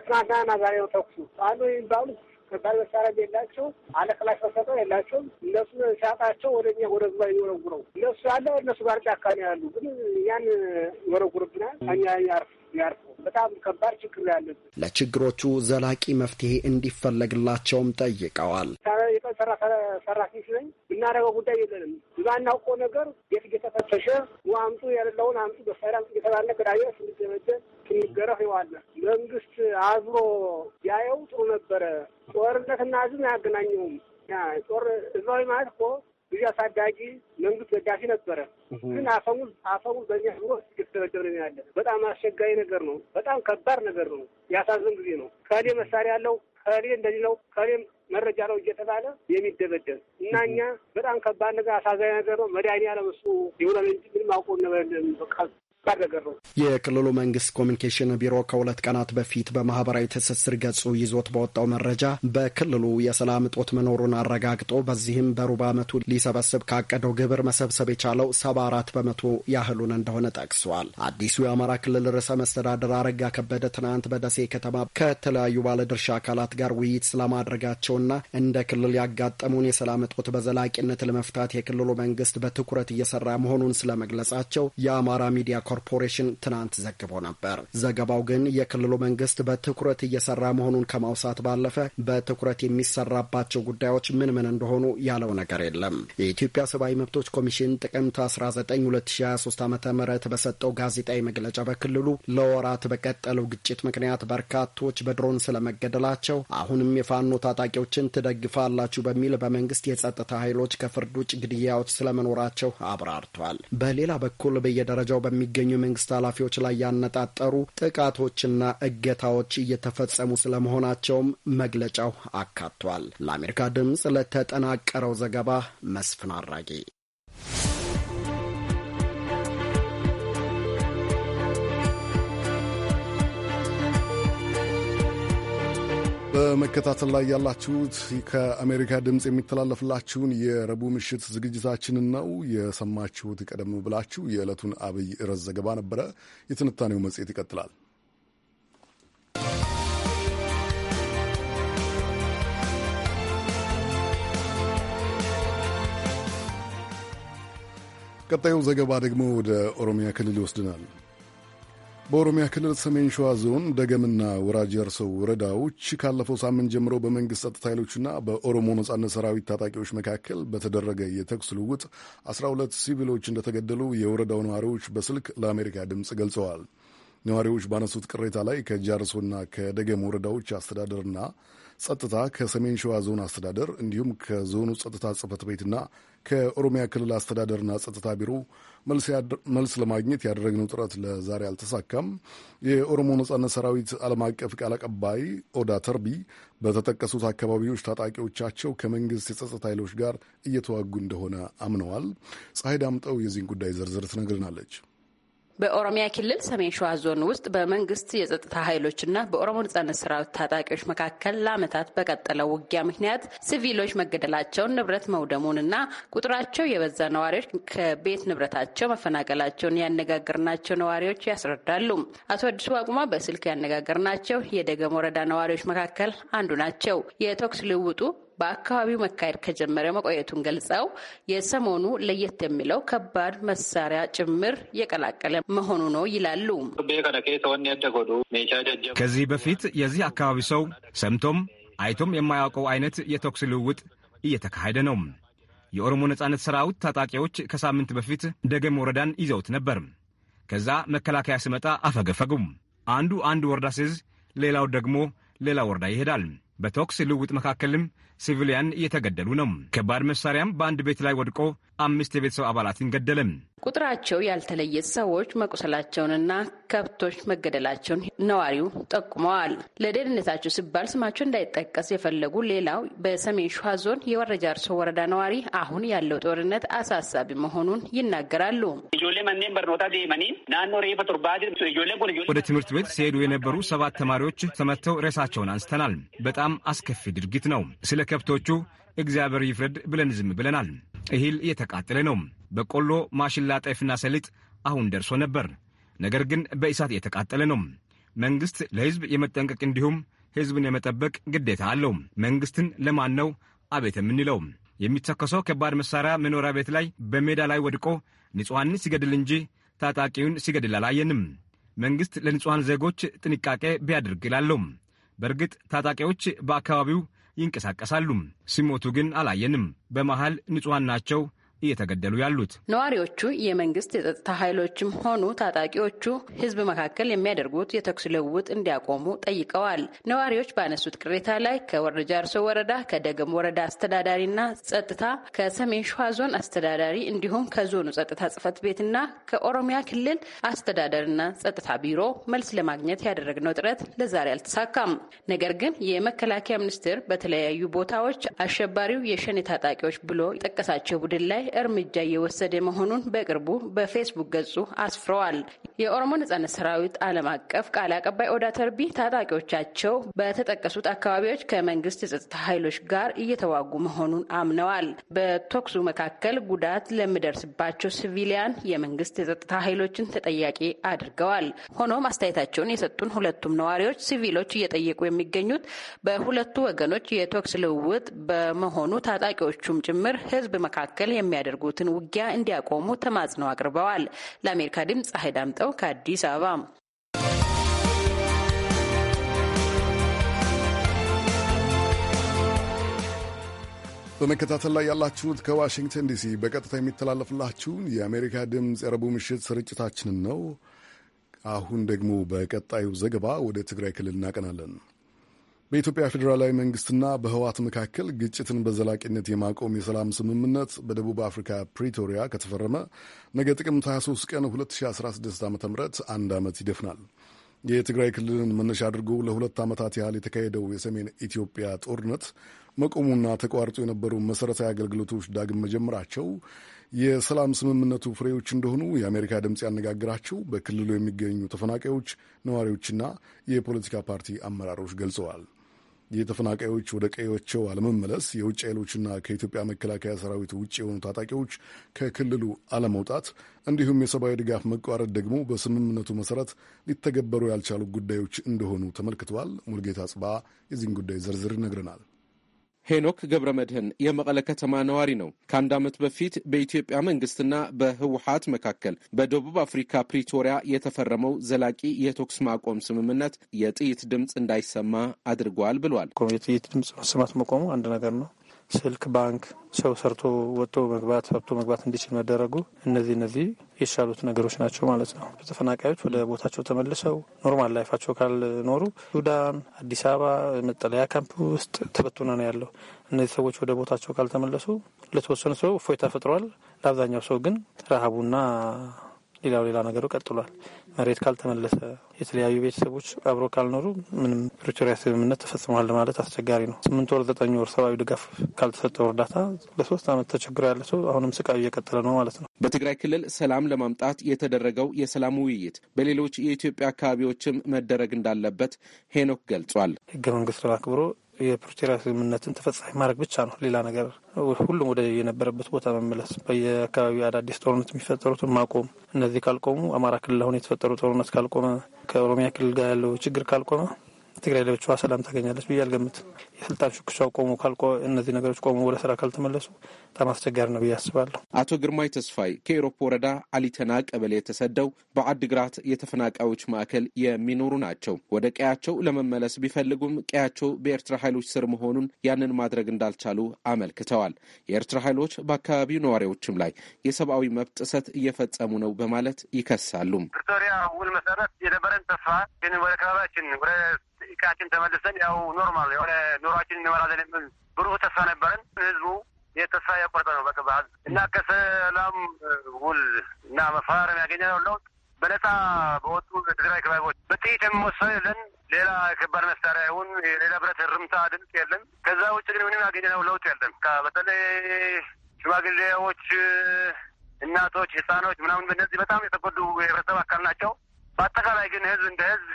ትናንትናና ዛሬ ነው ተኩሱ። አንዱ የሚባሉት ከባድ መሳሪያ የላቸው አለክላሽ መሰጠ የላቸውም። እነሱ ሲያጣቸው ወደ እኛ ወደ ዝባ ይወረጉረው እነሱ ያለ እነሱ ጋር ጫካ ነው ያሉ፣ ግን ያን ይወረጉርብናል። እኛ ያርፍ የሚያርፉ። በጣም ከባድ ችግር ያለብን። ለችግሮቹ ዘላቂ መፍትሄ እንዲፈለግላቸውም ጠይቀዋል። ሰራፊ ነኝ የምናደርገው ጉዳይ የለንም። የማናውቀው ነገር ቤት እየተፈተሸ አምጡ ያለውን አምጡ በሳይራ እየተባለ ገዳየ ስንገመደ ስንገረፍ ይዋለ መንግስት አዝሮ ያየው ጥሩ ነበረ። ጦርነትና ዝም አያገናኘውም። ጦር እዛዊ ማለት እኮ ልጅ አሳዳጊ መንግስት ደጋፊ ነበረ። ግን አፈሙዝ አፈሙዝ በእኛ ኑሮ እየተደበደብ ነው ያለ። በጣም አስቸጋሪ ነገር ነው። በጣም ከባድ ነገር ነው። ያሳዝን ጊዜ ነው። ከሌ መሳሪያ አለው፣ ከሌ እንደዚህ ነው፣ ከሌ መረጃ ነው እየተባለ የሚደበደብ እና እኛ በጣም ከባድ ነገር አሳዛኝ ነገር ነው። መድኃኒዓለም እሱ የሆነ እንጂ ምንም አውቆ ነበረ የክልሉ መንግስት ኮሚኒኬሽን ቢሮ ከሁለት ቀናት በፊት በማህበራዊ ትስስር ገጹ ይዞት በወጣው መረጃ በክልሉ የሰላም እጦት መኖሩን አረጋግጦ በዚህም በሩብ ዓመቱ ሊሰበስብ ካቀደው ግብር መሰብሰብ የቻለው ሰባ አራት በመቶ ያህሉን እንደሆነ ጠቅሷል። አዲሱ የአማራ ክልል ርዕሰ መስተዳደር አረጋ ከበደ ትናንት በደሴ ከተማ ከተለያዩ ባለድርሻ አካላት ጋር ውይይት ስለማድረጋቸውና እንደ ክልል ያጋጠመውን የሰላም እጦት በዘላቂነት ለመፍታት የክልሉ መንግስት በትኩረት እየሰራ መሆኑን ስለመግለጻቸው የአማራ ሚዲያ ኮርፖሬሽን ትናንት ዘግቦ ነበር። ዘገባው ግን የክልሉ መንግስት በትኩረት እየሰራ መሆኑን ከማውሳት ባለፈ በትኩረት የሚሰራባቸው ጉዳዮች ምን ምን እንደሆኑ ያለው ነገር የለም። የኢትዮጵያ ሰብአዊ መብቶች ኮሚሽን ጥቅምት 19 2023 ዓ ም በሰጠው ጋዜጣዊ መግለጫ በክልሉ ለወራት በቀጠለው ግጭት ምክንያት በርካቶች በድሮን ስለመገደላቸው አሁንም የፋኖ ታጣቂዎችን ትደግፋላችሁ በሚል በመንግስት የጸጥታ ኃይሎች ከፍርድ ውጭ ግድያዎች ስለመኖራቸው አብራርቷል። በሌላ በኩል በየደረጃው በሚገ በሚገኙ መንግስት ኃላፊዎች ላይ ያነጣጠሩ ጥቃቶችና እገታዎች እየተፈጸሙ ስለመሆናቸውም መግለጫው አካቷል። ለአሜሪካ ድምፅ ለተጠናቀረው ዘገባ መስፍን አራጌ በመከታተል ላይ ያላችሁት ከአሜሪካ ድምፅ የሚተላለፍላችሁን የረቡዕ ምሽት ዝግጅታችንን ነው የሰማችሁት። ቀደም ብላችሁ የዕለቱን አብይ ርዕስ ዘገባ ነበረ። የትንታኔው መጽሔት ይቀጥላል። ቀጣዩ ዘገባ ደግሞ ወደ ኦሮሚያ ክልል ይወስድናል። በኦሮሚያ ክልል ሰሜን ሸዋ ዞን ደገምና ወራጅ የርሰው ወረዳዎች ካለፈው ሳምንት ጀምሮ በመንግሥት ጸጥታ ኃይሎችና በኦሮሞ ነጻነት ሰራዊት ታጣቂዎች መካከል በተደረገ የተኩስ ልውውጥ 12 ሲቪሎች እንደተገደሉ የወረዳው ነዋሪዎች በስልክ ለአሜሪካ ድምፅ ገልጸዋል። ነዋሪዎች ባነሱት ቅሬታ ላይ ከጃርሶና ከደገም ወረዳዎች አስተዳደርና ጸጥታ ከሰሜን ሸዋ ዞን አስተዳደር እንዲሁም ከዞኑ ጸጥታ ጽፈት ቤትና ከኦሮሚያ ክልል አስተዳደርና ጸጥታ ቢሮ መልስ ለማግኘት ያደረግነው ጥረት ለዛሬ አልተሳካም። የኦሮሞ ነጻነት ሰራዊት ዓለም አቀፍ ቃል አቀባይ ኦዳ ተርቢ በተጠቀሱት አካባቢዎች ታጣቂዎቻቸው ከመንግስት የጸጥታ ኃይሎች ጋር እየተዋጉ እንደሆነ አምነዋል። ፀሐይ ዳምጠው የዚህን ጉዳይ ዝርዝር ትነግርናለች። በኦሮሚያ ክልል ሰሜን ሸዋ ዞን ውስጥ በመንግስት የጸጥታ ኃይሎችና በኦሮሞ ነጻነት ሰራዊት ታጣቂዎች መካከል ለአመታት በቀጠለው ውጊያ ምክንያት ሲቪሎች መገደላቸውን፣ ንብረት መውደሙንና ቁጥራቸው የበዛ ነዋሪዎች ከቤት ንብረታቸው መፈናቀላቸውን ያነጋገርናቸው ነዋሪዎች ያስረዳሉ። አቶ አዲሱ አቁማ በስልክ ያነጋገርናቸው የደገም ወረዳ ነዋሪዎች መካከል አንዱ ናቸው። የተኩስ ልውውጡ በአካባቢው መካሄድ ከጀመረ መቆየቱን ገልጸው የሰሞኑ ለየት የሚለው ከባድ መሳሪያ ጭምር የቀላቀለ መሆኑ ነው ይላሉ። ከዚህ በፊት የዚህ አካባቢ ሰው ሰምቶም አይቶም የማያውቀው አይነት የተኩስ ልውውጥ እየተካሄደ ነው። የኦሮሞ ነጻነት ሰራዊት ታጣቂዎች ከሳምንት በፊት ደገም ወረዳን ይዘውት ነበር። ከዛ መከላከያ ሲመጣ አፈገፈጉም። አንዱ አንድ ወረዳ ሲዝ ሌላው ደግሞ ሌላ ወረዳ ይሄዳል። በተኩስ ልውውጥ መካከልም ሲቪሊያን እየተገደሉ ነው። ከባድ መሳሪያም በአንድ ቤት ላይ ወድቆ አምስት የቤተሰብ አባላትን ገደለም። ቁጥራቸው ያልተለየ ሰዎች መቁሰላቸውንና ከብቶች መገደላቸውን ነዋሪው ጠቁመዋል። ለደህንነታቸው ሲባል ስማቸው እንዳይጠቀስ የፈለጉ ሌላው በሰሜን ሸዋ ዞን የወረጃ ጃርሶ ወረዳ ነዋሪ አሁን ያለው ጦርነት አሳሳቢ መሆኑን ይናገራሉ። ወደ ትምህርት ቤት ሲሄዱ የነበሩ ሰባት ተማሪዎች ተመተው ሬሳቸውን አንስተናል። በጣም አስከፊ ድርጊት ነው። ስለ ከብቶቹ እግዚአብሔር ይፍረድ ብለን ዝም ብለናል። እህል እየተቃጠለ ነው። በቆሎ፣ ማሽላ፣ ጤፍና ሰሊጥ አሁን ደርሶ ነበር፣ ነገር ግን በእሳት እየተቃጠለ ነው። መንግሥት ለሕዝብ የመጠንቀቅ እንዲሁም ሕዝብን የመጠበቅ ግዴታ አለው። መንግሥትን ለማን ነው አቤት የምንለው? የሚተኮሰው ከባድ መሣሪያ መኖሪያ ቤት ላይ በሜዳ ላይ ወድቆ ንጹሐንን ሲገድል እንጂ ታጣቂውን ሲገድል አላየንም። መንግሥት ለንጹሐን ዜጎች ጥንቃቄ ቢያደርግ በእርግጥ ታጣቂዎች በአካባቢው ይንቀሳቀሳሉ። ሲሞቱ ግን አላየንም። በመሃል ንጹሐን ናቸው እየተገደሉ ያሉት። ነዋሪዎቹ የመንግስት የጸጥታ ኃይሎችም ሆኑ ታጣቂዎቹ ህዝብ መካከል የሚያደርጉት የተኩስ ልውውጥ እንዲያቆሙ ጠይቀዋል። ነዋሪዎች ባነሱት ቅሬታ ላይ ከወረ ጃርሶ ወረዳ ከደገም ወረዳ አስተዳዳሪና ጸጥታ ከሰሜን ሸዋ ዞን አስተዳዳሪ እንዲሁም ከዞኑ ጸጥታ ጽህፈት ቤትና ከኦሮሚያ ክልል አስተዳደርና ጸጥታ ቢሮ መልስ ለማግኘት ያደረግነው ጥረት ለዛሬ አልተሳካም። ነገር ግን የመከላከያ ሚኒስቴር በተለያዩ ቦታዎች አሸባሪው የሸኔ ታጣቂዎች ብሎ ጠቀሳቸው ቡድን ላይ ላይ እርምጃ እየወሰደ መሆኑን በቅርቡ በፌስቡክ ገጹ አስፍረዋል። የኦሮሞ ነጻነት ሰራዊት ዓለም አቀፍ ቃል አቀባይ ኦዳ ተርቢ ታጣቂዎቻቸው በተጠቀሱት አካባቢዎች ከመንግስት የጸጥታ ኃይሎች ጋር እየተዋጉ መሆኑን አምነዋል። በተኩሱ መካከል ጉዳት ለሚደርስባቸው ሲቪሊያን የመንግስት የጸጥታ ኃይሎችን ተጠያቂ አድርገዋል። ሆኖም አስተያየታቸውን የሰጡን ሁለቱም ነዋሪዎች ሲቪሎች እየጠየቁ የሚገኙት በሁለቱ ወገኖች የተኩስ ልውውጥ በመሆኑ ታጣቂዎቹም ጭምር ህዝብ መካከል የሚ የሚያደርጉትን ውጊያ እንዲያቆሙ ተማጽኖ አቅርበዋል። ለአሜሪካ ድምፅ ፀሐይ ዳምጠው ከአዲስ አበባ። በመከታተል ላይ ያላችሁት ከዋሽንግተን ዲሲ በቀጥታ የሚተላለፍላችሁን የአሜሪካ ድምፅ የረቡዕ ምሽት ስርጭታችንን ነው። አሁን ደግሞ በቀጣዩ ዘገባ ወደ ትግራይ ክልል እናቀናለን። በኢትዮጵያ ፌዴራላዊ መንግስትና በህዋት መካከል ግጭትን በዘላቂነት የማቆም የሰላም ስምምነት በደቡብ አፍሪካ ፕሪቶሪያ ከተፈረመ ነገ ጥቅምት 23 ቀን 2016 ዓ ም አንድ ዓመት ይደፍናል። የትግራይ ክልልን መነሻ አድርጎ ለሁለት ዓመታት ያህል የተካሄደው የሰሜን ኢትዮጵያ ጦርነት መቆሙና ተቋርጦ የነበሩ መሠረታዊ አገልግሎቶች ዳግም መጀመራቸው የሰላም ስምምነቱ ፍሬዎች እንደሆኑ የአሜሪካ ድምፅ ያነጋግራቸው በክልሉ የሚገኙ ተፈናቃዮች፣ ነዋሪዎችና የፖለቲካ ፓርቲ አመራሮች ገልጸዋል። የተፈናቃዮች ወደ ቀያቸው አለመመለስ፣ የውጭ ኃይሎችና ከኢትዮጵያ መከላከያ ሰራዊት ውጭ የሆኑ ታጣቂዎች ከክልሉ አለመውጣት እንዲሁም የሰብአዊ ድጋፍ መቋረጥ ደግሞ በስምምነቱ መሰረት ሊተገበሩ ያልቻሉ ጉዳዮች እንደሆኑ ተመልክተዋል። ሙልጌታ ጽባ የዚህን ጉዳይ ዝርዝር ይነግረናል። ሄኖክ ገብረ መድህን የመቀለ ከተማ ነዋሪ ነው። ከአንድ ዓመት በፊት በኢትዮጵያ መንግስትና በህወሀት መካከል በደቡብ አፍሪካ ፕሪቶሪያ የተፈረመው ዘላቂ የተኩስ ማቆም ስምምነት የጥይት ድምፅ እንዳይሰማ አድርጓል ብሏል። የጥይት ድምፅ መሰማት መቆሙ አንድ ነገር ነው። ስልክ፣ ባንክ ሰው ሰርቶ ወጥቶ መግባት ሰርቶ መግባት እንዲችል መደረጉ እነዚህ እነዚህ የተሻሉት ነገሮች ናቸው ማለት ነው። ተፈናቃዮች ወደ ቦታቸው ተመልሰው ኖርማል ላይፋቸው ካልኖሩ ሱዳን፣ አዲስ አበባ መጠለያ ካምፕ ውስጥ ተበትኖ ነው ያለው። እነዚህ ሰዎች ወደ ቦታቸው ካልተመለሱ ለተወሰኑ ሰው እፎይታ ፈጥሯል። ለአብዛኛው ሰው ግን ረሃቡና ሌላው ሌላ ነገሩ ቀጥሏል። መሬት ካልተመለሰ የተለያዩ ቤተሰቦች አብሮ ካልኖሩ ምንም ፕሪቶሪያ ስምምነት ተፈጽሟል ማለት አስቸጋሪ ነው። ስምንት ወር ዘጠኝ ወር ሰብአዊ ድጋፍ ካልተሰጠው እርዳታ ለሶስት ዓመት ተቸግሮ ያለ ሰው አሁንም ስቃዩ እየቀጠለ ነው ማለት ነው። በትግራይ ክልል ሰላም ለማምጣት የተደረገው የሰላም ውይይት በሌሎች የኢትዮጵያ አካባቢዎችም መደረግ እንዳለበት ሄኖክ ገልጿል። ህገ መንግስቱን አክብሮ የፕሪቶሪያ ስምምነትን ተፈጻሚ ማድረግ ብቻ ነው። ሌላ ነገር ሁሉም ወደ የነበረበት ቦታ መመለስ፣ በየአካባቢው አዳዲስ ጦርነት የሚፈጠሩትን ማቆም። እነዚህ ካልቆሙ አማራ ክልል አሁን የተፈጠሩ ጦርነት ካልቆመ፣ ከኦሮሚያ ክልል ጋር ያለው ችግር ካልቆመ ትግራይ ለብቻዋ ሰላም ታገኛለች ብዬ አልገምትም። የስልጣን ሽኩቻው ቆሞ ካልቆ እነዚህ ነገሮች ቆሞ ወደ ስራ ካልተመለሱ በጣም አስቸጋሪ ነው ብዬ አስባለሁ። አቶ ግርማይ ተስፋይ ከኢሮፕ ወረዳ አሊተና ቀበሌ የተሰደው በአድግራት የተፈናቃዮች ማዕከል የሚኖሩ ናቸው። ወደ ቀያቸው ለመመለስ ቢፈልጉም ቀያቸው በኤርትራ ኃይሎች ስር መሆኑን ያንን ማድረግ እንዳልቻሉ አመልክተዋል። የኤርትራ ኃይሎች በአካባቢው ነዋሪዎችም ላይ የሰብአዊ መብት ጥሰት እየፈጸሙ ነው በማለት ይከሳሉ። ፕሪቶሪያ ውል መሰረት የነበረን ተስፋ ግን ወደ አካባቢያችን እቃችን ተመልሰን ያው ኖርማል የሆነ ኑሯችን እንመራለን የምል ብሩህ ተስፋ ነበረን። ህዝቡ የተስፋ የቆረጠ ነው በቅባህል እና ከሰላም ውል እና መፈራረም ያገኘነው ለውጥ በነፃ በወጡ ትግራይ ክባቢዎች በጥይት የሚወሰን የለን። ሌላ ከባድ መሳሪያ ይሁን ሌላ ብረት ርምታ ድምፅ የለን። ከዛ ውጭ ግን ምንም ያገኘነው ለውጥ የለም። በተለይ ሽማግሌዎች፣ እናቶች፣ ህፃኖች ምናምን በነዚህ በጣም የተጎዱ የህብረተሰብ አካል ናቸው። በአጠቃላይ ግን ህዝብ እንደ ህዝብ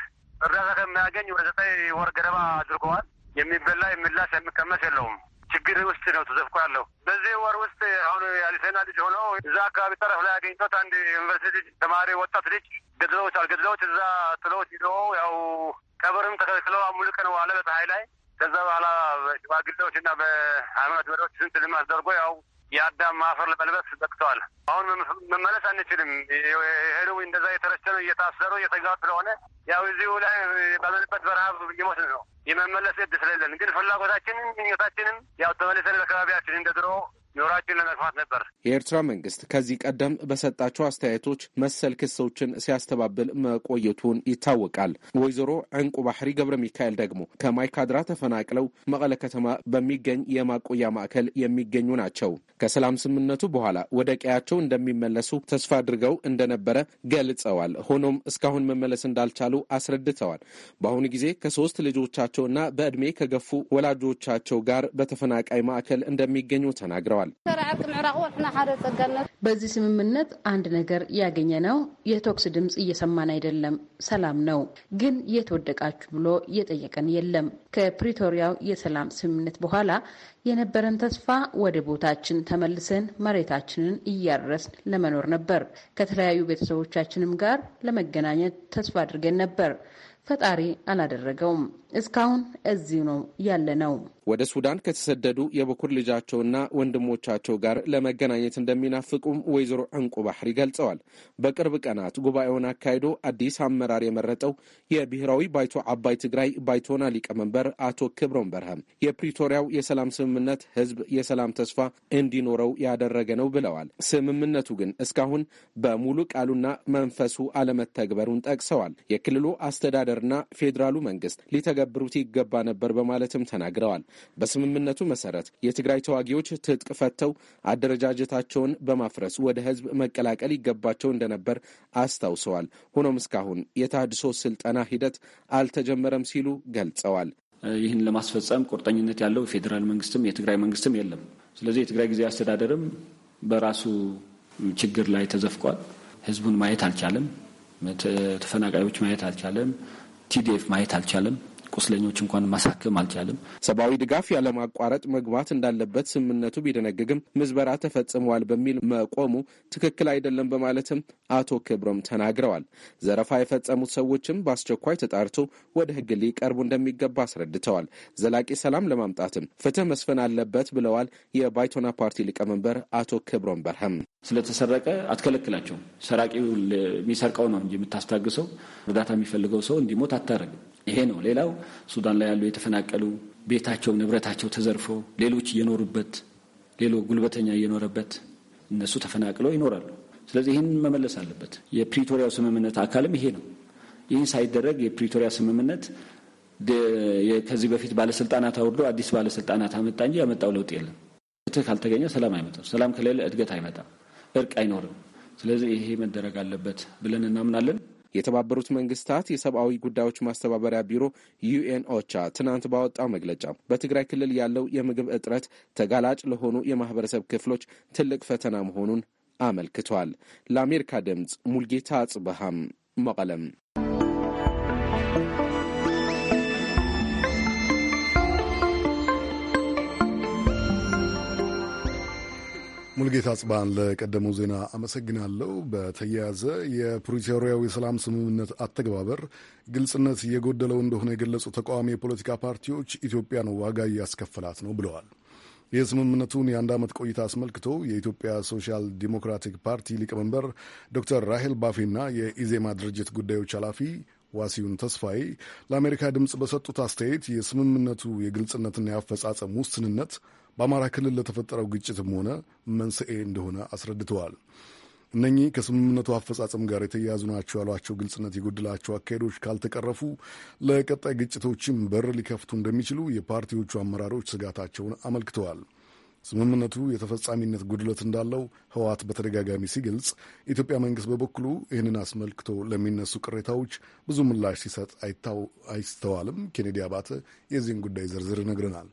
እርዳታ ከሚያገኝ ወደ ዘጠኝ ወር ገደባ አድርገዋል። የሚበላ የሚላስ የሚቀመስ የለውም። ችግር ውስጥ ነው ተዘፍኮ ያለው። በዚህ ወር ውስጥ አሁን ያሊሴና ልጅ ሆኖ እዛ አካባቢ ጠረፍ ላይ አገኝቶት አንድ ዩኒቨርሲቲ ተማሪ ወጣት ልጅ ገድለውታል። ገድለውት እዛ ጥለውት ሂዶ ያው ቀብርም ተከልክለው ቀን ዋለ በፀሐይ ላይ ከዛ በኋላ ሽማግሌዎች እና በሃይማኖት መሪዎች ስንት ልም አስደርጎ ያው የአዳም አፈር ለመልበስ በቅተዋል። አሁን መመለስ አንችልም። ሄዱ እንደዛ የተረሸኑ እየታሰሩ እየተጋ ስለሆነ ያው እዚሁ ላይ ባለንበት በረሀብ እየሞትን ነው። የመመለስ እድል ስለሌለን ግን ፍላጎታችንም ምኞታችንም ያው ተመልሰን በከባቢያችን እንደ ድሮ ኑሯችንን ለመግፋት ነበር። የኤርትራ መንግስት ከዚህ ቀደም በሰጣቸው አስተያየቶች መሰል ክሶችን ሲያስተባብል መቆየቱን ይታወቃል። ወይዘሮ ዕንቁ ባህሪ ገብረ ሚካኤል ደግሞ ከማይካድራ ተፈናቅለው መቀለ ከተማ በሚገኝ የማቆያ ማዕከል የሚገኙ ናቸው። ከሰላም ስምምነቱ በኋላ ወደ ቀያቸው እንደሚመለሱ ተስፋ አድርገው እንደነበረ ገልጸዋል። ሆኖም እስካሁን መመለስ እንዳልቻሉ አስረድተዋል። በአሁኑ ጊዜ ከሶስት ልጆቻቸውና በዕድሜ ከገፉ ወላጆቻቸው ጋር በተፈናቃይ ማዕከል እንደሚገኙ ተናግረዋል። ተናግረዋል። በዚህ ስምምነት አንድ ነገር ያገኘ ነው። የተኩስ ድምፅ እየሰማን አይደለም፣ ሰላም ነው። ግን የት ወደቃችሁ ብሎ እየጠየቀን የለም። ከፕሪቶሪያው የሰላም ስምምነት በኋላ የነበረን ተስፋ ወደ ቦታችን ተመልሰን መሬታችንን እያረስን ለመኖር ነበር። ከተለያዩ ቤተሰቦቻችንም ጋር ለመገናኘት ተስፋ አድርገን ነበር። ፈጣሪ አላደረገውም። እስካሁን እዚሁ ነው ያለ ነው። ወደ ሱዳን ከተሰደዱ የበኩር ልጃቸውና ወንድሞቻቸው ጋር ለመገናኘት እንደሚናፍቁም ወይዘሮ ዕንቁ ባህሪ ገልጸዋል። በቅርብ ቀናት ጉባኤውን አካሂዶ አዲስ አመራር የመረጠው የብሔራዊ ባይቶ አባይ ትግራይ ባይቶና ሊቀመንበር አቶ ክብሮም በርሃም የፕሪቶሪያው የሰላም ስምምነት ህዝብ የሰላም ተስፋ እንዲኖረው ያደረገ ነው ብለዋል። ስምምነቱ ግን እስካሁን በሙሉ ቃሉና መንፈሱ አለመተግበሩን ጠቅሰዋል። የክልሉ አስተዳደርና ፌዴራሉ መንግስት ሊተ ሊተገብሩት ይገባ ነበር በማለትም ተናግረዋል። በስምምነቱ መሰረት የትግራይ ተዋጊዎች ትጥቅ ፈተው አደረጃጀታቸውን በማፍረስ ወደ ህዝብ መቀላቀል ይገባቸው እንደነበር አስታውሰዋል። ሆኖም እስካሁን የታድሶ ስልጠና ሂደት አልተጀመረም ሲሉ ገልጸዋል። ይህን ለማስፈጸም ቁርጠኝነት ያለው የፌዴራል መንግስትም የትግራይ መንግስትም የለም። ስለዚህ የትግራይ ጊዜ አስተዳደርም በራሱ ችግር ላይ ተዘፍቋል። ህዝቡን ማየት አልቻለም። ተፈናቃዮች ማየት አልቻለም። ቲዲኤፍ ማየት አልቻለም። ቁስለኞች እንኳን ማሳከም አልቻለም። ሰብአዊ ድጋፍ ያለማቋረጥ መግባት እንዳለበት ስምምነቱ ቢደነግግም ምዝበራ ተፈጽመዋል በሚል መቆሙ ትክክል አይደለም በማለትም አቶ ክብሮም ተናግረዋል። ዘረፋ የፈጸሙት ሰዎችም በአስቸኳይ ተጣርቶ ወደ ሕግ ሊቀርቡ እንደሚገባ አስረድተዋል። ዘላቂ ሰላም ለማምጣትም ፍትህ መስፈን አለበት ብለዋል። የባይቶና ፓርቲ ሊቀመንበር አቶ ክብሮም በርሃም ስለተሰረቀ አትከለክላቸውም። ሰራቂው የሚሰርቀው ነው እንጂ የምታስታግሰው እርዳታ የሚፈልገው ሰው እንዲሞት አታረግም። ይሄ ነው። ሌላው ሱዳን ላይ ያሉ የተፈናቀሉ ቤታቸው፣ ንብረታቸው ተዘርፎ ሌሎች እየኖሩበት ሌሎ ጉልበተኛ እየኖረበት እነሱ ተፈናቅለው ይኖራሉ። ስለዚህ ይህን መመለስ አለበት። የፕሪቶሪያው ስምምነት አካልም ይሄ ነው። ይህን ሳይደረግ የፕሪቶሪያ ስምምነት ከዚህ በፊት ባለስልጣናት አውርዶ አዲስ ባለስልጣናት አመጣ እንጂ ያመጣው ለውጥ የለም። ፍትህ ካልተገኘ ሰላም አይመጣም። ሰላም ከሌለ እድገት አይመጣም፣ እርቅ አይኖርም። ስለዚህ ይሄ መደረግ አለበት ብለን እናምናለን። የተባበሩት መንግስታት የሰብአዊ ጉዳዮች ማስተባበሪያ ቢሮ ዩኤን ኦቻ ትናንት ባወጣው መግለጫ በትግራይ ክልል ያለው የምግብ እጥረት ተጋላጭ ለሆኑ የማህበረሰብ ክፍሎች ትልቅ ፈተና መሆኑን አመልክቷል። ለአሜሪካ ድምፅ ሙልጌታ አጽበሃም መቀለም ሙልጌታ ጽባን ለቀደመው ዜና አመሰግናለሁ። በተያያዘ የፕሪቶሪያው የሰላም ስምምነት አተገባበር ግልጽነት እየጎደለው እንደሆነ የገለጹ ተቃዋሚ የፖለቲካ ፓርቲዎች ኢትዮጵያን ዋጋ እያስከፈላት ነው ብለዋል። የስምምነቱን የአንድ ዓመት ቆይታ አስመልክቶ የኢትዮጵያ ሶሻል ዲሞክራቲክ ፓርቲ ሊቀመንበር ዶክተር ራሄል ባፌና የኢዜማ ድርጅት ጉዳዮች ኃላፊ ዋሲዩን ተስፋዬ ለአሜሪካ ድምፅ በሰጡት አስተያየት የስምምነቱ የግልጽነትና የአፈጻጸም ውስንነት በአማራ ክልል ለተፈጠረው ግጭትም ሆነ መንስኤ እንደሆነ አስረድተዋል። እነኚህ ከስምምነቱ አፈጻጸም ጋር የተያያዙ ናቸው ያሏቸው ግልጽነት የጎደላቸው አካሄዶች ካልተቀረፉ ለቀጣይ ግጭቶችም በር ሊከፍቱ እንደሚችሉ የፓርቲዎቹ አመራሮች ስጋታቸውን አመልክተዋል። ስምምነቱ የተፈጻሚነት ጉድለት እንዳለው ህወሓት በተደጋጋሚ ሲገልጽ፣ የኢትዮጵያ መንግስት በበኩሉ ይህንን አስመልክቶ ለሚነሱ ቅሬታዎች ብዙ ምላሽ ሲሰጥ አይስተዋልም። ኬኔዲ አባተ የዚህን ጉዳይ ዝርዝር ይነግረናል።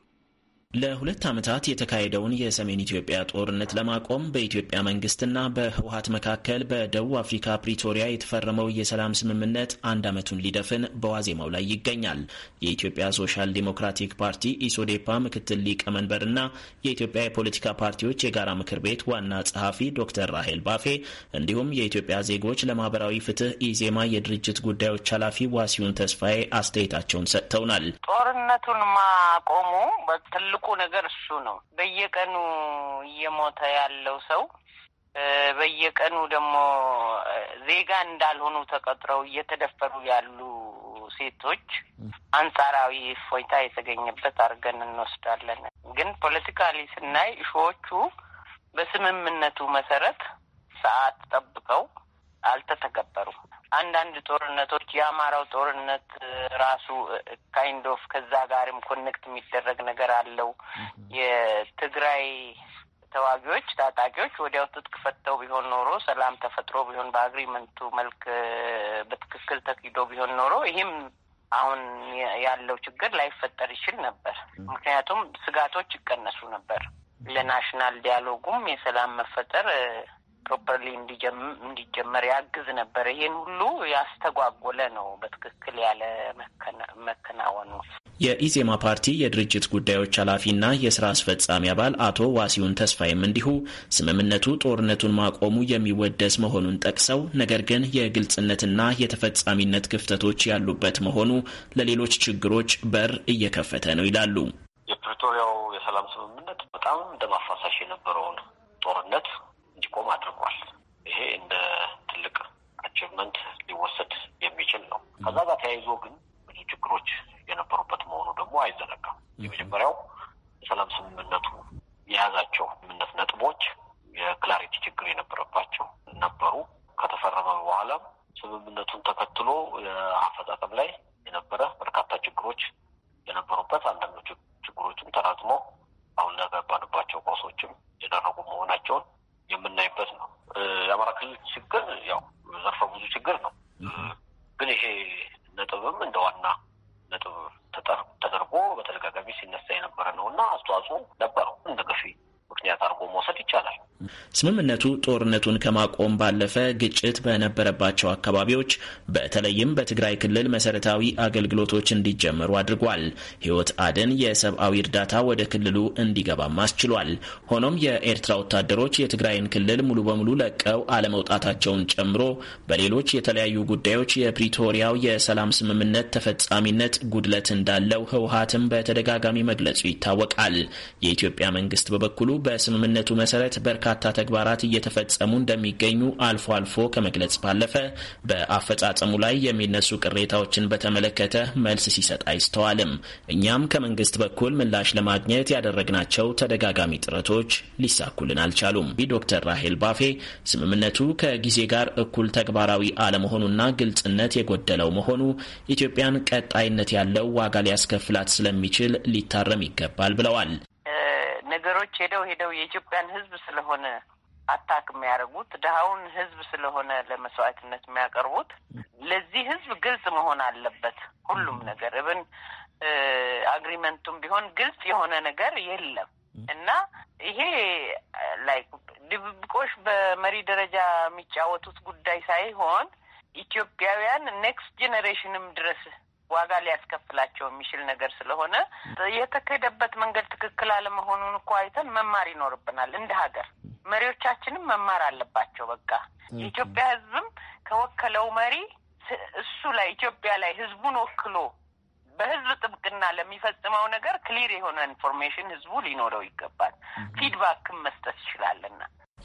ለሁለት ዓመታት የተካሄደውን የሰሜን ኢትዮጵያ ጦርነት ለማቆም በኢትዮጵያ መንግስትና በህወሀት መካከል በደቡብ አፍሪካ ፕሪቶሪያ የተፈረመው የሰላም ስምምነት አንድ ዓመቱን ሊደፍን በዋዜማው ላይ ይገኛል። የኢትዮጵያ ሶሻል ዲሞክራቲክ ፓርቲ ኢሶዴፓ ምክትል ሊቀመንበርና የኢትዮጵያ የፖለቲካ ፓርቲዎች የጋራ ምክር ቤት ዋና ጸሐፊ ዶክተር ራሄል ባፌ እንዲሁም የኢትዮጵያ ዜጎች ለማህበራዊ ፍትህ ኢዜማ የድርጅት ጉዳዮች ኃላፊ ዋሲዩን ተስፋዬ አስተያየታቸውን ሰጥተውናል። ጦርነቱን ማቆሙ ትልቁ ነገር እሱ ነው። በየቀኑ እየሞተ ያለው ሰው በየቀኑ ደግሞ ዜጋ እንዳልሆኑ ተቀጥረው እየተደፈሩ ያሉ ሴቶች አንጻራዊ እፎይታ የተገኘበት አድርገን እንወስዳለን። ግን ፖለቲካሊ ስናይ እሾዎቹ በስምምነቱ መሰረት ሰዓት ጠብቀው አልተተገበሩም። አንዳንድ ጦርነቶች የአማራው ጦርነት ራሱ ካይንድ ኦፍ ከዛ ጋርም ኮኔክት የሚደረግ ነገር አለው። የትግራይ ተዋጊዎች ታጣቂዎች ወዲያው ትጥቅ ፈተው ቢሆን ኖሮ ሰላም ተፈጥሮ ቢሆን በአግሪመንቱ መልክ በትክክል ተኪዶ ቢሆን ኖሮ ይህም አሁን ያለው ችግር ላይፈጠር ይችል ነበር። ምክንያቱም ስጋቶች ይቀነሱ ነበር። ለናሽናል ዲያሎጉም የሰላም መፈጠር ፕሮፐርሊ እንዲጀመር ያግዝ ነበር። ይህን ሁሉ ያስተጓጎለ ነው በትክክል ያለ መከናወኑ። የኢዜማ ፓርቲ የድርጅት ጉዳዮች ኃላፊና የስራ አስፈጻሚ አባል አቶ ዋሲውን ተስፋዬም እንዲሁ ስምምነቱ ጦርነቱን ማቆሙ የሚወደስ መሆኑን ጠቅሰው ነገር ግን የግልጽነትና የተፈጻሚነት ክፍተቶች ያሉበት መሆኑ ለሌሎች ችግሮች በር እየከፈተ ነው ይላሉ። የፕሪቶሪያው የሰላም ስምምነት በጣም ደም የነበረውን ጦርነት እንዲቆም አድርጓል። ይሄ እንደ ትልቅ አቺቭመንት ሊወሰድ የሚችል ነው። ከዛ ጋር ተያይዞ ግን ብዙ ችግሮች የነበሩበት መሆኑ ደግሞ አይዘነጋም። የመጀመሪያው የሰላም ስምምነቱ የያዛቸው ስምምነት ነጥቦች የክላሪቲ ችግር የነበረባቸው ነበሩ። ከተፈረመ በኋላም ስምምነቱን ተከትሎ አፈጻጸም ላይ የነበረ በርካታ ችግሮች የነበሩበት አንዳንዱ ችግሮችም ተራዝመው አሁን ለገባንባቸው ቆሶችም የደረጉ መሆናቸውን የምናይበት ነው። የአማራ ክልል ችግር ያው ዘርፈ ብዙ ችግር ነው። ግን ይሄ ነጥብም እንደ ዋና ነጥብ ተደርጎ በተደጋጋሚ ሲነሳ የነበረ ነው እና አስተዋጽኦ ነበረው እንደ ገፊ ምክንያት አድርጎ መውሰድ ይቻላል። ስምምነቱ ጦርነቱን ከማቆም ባለፈ ግጭት በነበረባቸው አካባቢዎች በተለይም በትግራይ ክልል መሰረታዊ አገልግሎቶች እንዲጀመሩ አድርጓል። ሕይወት አድን የሰብአዊ እርዳታ ወደ ክልሉ እንዲገባም አስችሏል። ሆኖም የኤርትራ ወታደሮች የትግራይን ክልል ሙሉ በሙሉ ለቀው አለመውጣታቸውን ጨምሮ በሌሎች የተለያዩ ጉዳዮች የፕሪቶሪያው የሰላም ስምምነት ተፈጻሚነት ጉድለት እንዳለው ህወሀትም በተደጋጋሚ መግለጹ ይታወቃል። የኢትዮጵያ መንግስት በበኩሉ በስምምነቱ መሰረት በርካታ ተግባራት እየተፈጸሙ እንደሚገኙ አልፎ አልፎ ከመግለጽ ባለፈ በአፈጻጸሙ ላይ የሚነሱ ቅሬታዎችን በተመለከተ መልስ ሲሰጥ አይስተዋልም። እኛም ከመንግስት በኩል ምላሽ ለማግኘት ያደረግናቸው ተደጋጋሚ ጥረቶች ሊሳኩልን አልቻሉም። ዶክተር ራሄል ባፌ ስምምነቱ ከጊዜ ጋር እኩል ተግባራዊ አለመሆኑና ግልጽነት የጎደለው መሆኑ ኢትዮጵያን ቀጣይነት ያለው ዋጋ ሊያስከፍላት ስለሚችል ሊታረም ይገባል ብለዋል። ነገሮች ሄደው ሄደው የኢትዮጵያን ህዝብ ስለሆነ አታክ የሚያደርጉት ድሀውን ህዝብ ስለሆነ ለመስዋዕትነት የሚያቀርቡት ለዚህ ህዝብ ግልጽ መሆን አለበት። ሁሉም ነገር እብን አግሪመንቱም ቢሆን ግልጽ የሆነ ነገር የለም እና ይሄ ላይ ድብብቆሽ በመሪ ደረጃ የሚጫወቱት ጉዳይ ሳይሆን ኢትዮጵያውያን ኔክስት ጄኔሬሽንም ድረስ ዋጋ ሊያስከፍላቸው የሚችል ነገር ስለሆነ የተካሄደበት መንገድ ትክክል አለመሆኑን እኮ አይተን መማር ይኖርብናል እንደ ሀገር። መሪዎቻችንም መማር አለባቸው። በቃ የኢትዮጵያ ሕዝብም ከወከለው መሪ እሱ ላይ ኢትዮጵያ ላይ ሕዝቡን ወክሎ በህዝብ ጥብቅና ለሚፈጽመው ነገር ክሊር የሆነ ኢንፎርሜሽን ህዝቡ ሊኖረው ይገባል። ፊድባክም መስጠት ይችላልና።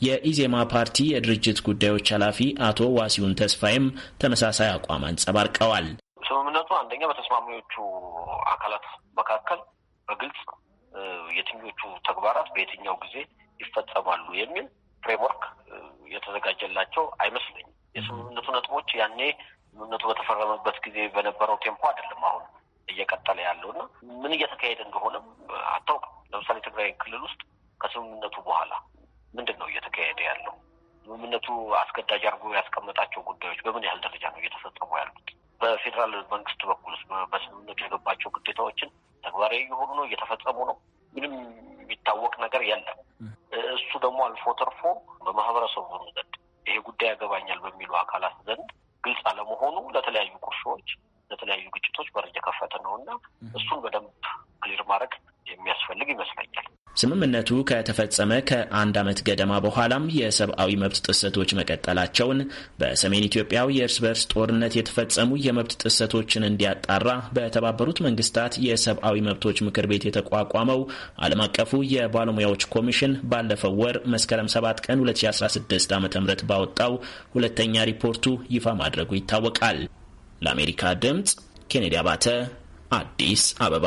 የኢዜማ ፓርቲ የድርጅት ጉዳዮች ኃላፊ አቶ ዋሲሁን ተስፋዬም ተመሳሳይ አቋም አንጸባርቀዋል። ስምምነቱ አንደኛ በተስማሚዎቹ አካላት መካከል በግልጽ የትኞቹ ተግባራት በየትኛው ጊዜ ይፈጸማሉ የሚል ፍሬምወርክ የተዘጋጀላቸው አይመስለኝም። የስምምነቱ ነጥቦች ያኔ ስምምነቱ በተፈረመበት ጊዜ በነበረው ቴምፖ አይደለም አሁን እየቀጠለ ያለው እና ምን እየተካሄደ እንደሆነም አታውቅም። ለምሳሌ ትግራይ ክልል ውስጥ ከስምምነቱ በኋላ ምንድን ነው እየተካሄደ ያለው? ስምምነቱ አስገዳጅ አድርጎ ያስቀመጣቸው ጉዳዮች በምን ያህል ደረጃ ነው እየተፈጸሙ ያሉት? በፌዴራል መንግስት በኩል በስምምነቱ የገባቸው ግዴታዎችን ተግባራዊ እየሆኑ ነው፣ እየተፈጸሙ ነው። ምንም የሚታወቅ ነገር የለም። እሱ ደግሞ አልፎ ተርፎ በማህበረሰቡ ዘንድ ይሄ ጉዳይ ያገባኛል በሚሉ አካላት ዘንድ ግልጽ አለመሆኑ ለተለያዩ ቁርሾዎች ለተለያዩ ግጭቶች በር የከፈተ ነው እና እሱን በደንብ ክሊር ማድረግ የሚያስፈልግ ይመስለኛል። ስምምነቱ ከተፈጸመ ከአንድ ዓመት ገደማ በኋላም የሰብአዊ መብት ጥሰቶች መቀጠላቸውን በሰሜን ኢትዮጵያው የእርስ በርስ ጦርነት የተፈጸሙ የመብት ጥሰቶችን እንዲያጣራ በተባበሩት መንግስታት የሰብአዊ መብቶች ምክር ቤት የተቋቋመው ዓለም አቀፉ የባለሙያዎች ኮሚሽን ባለፈው ወር መስከረም 7 ቀን 2016 ዓ ም ባወጣው ሁለተኛ ሪፖርቱ ይፋ ማድረጉ ይታወቃል። ለአሜሪካ ድምፅ ኬኔዲ አባተ አዲስ አበባ።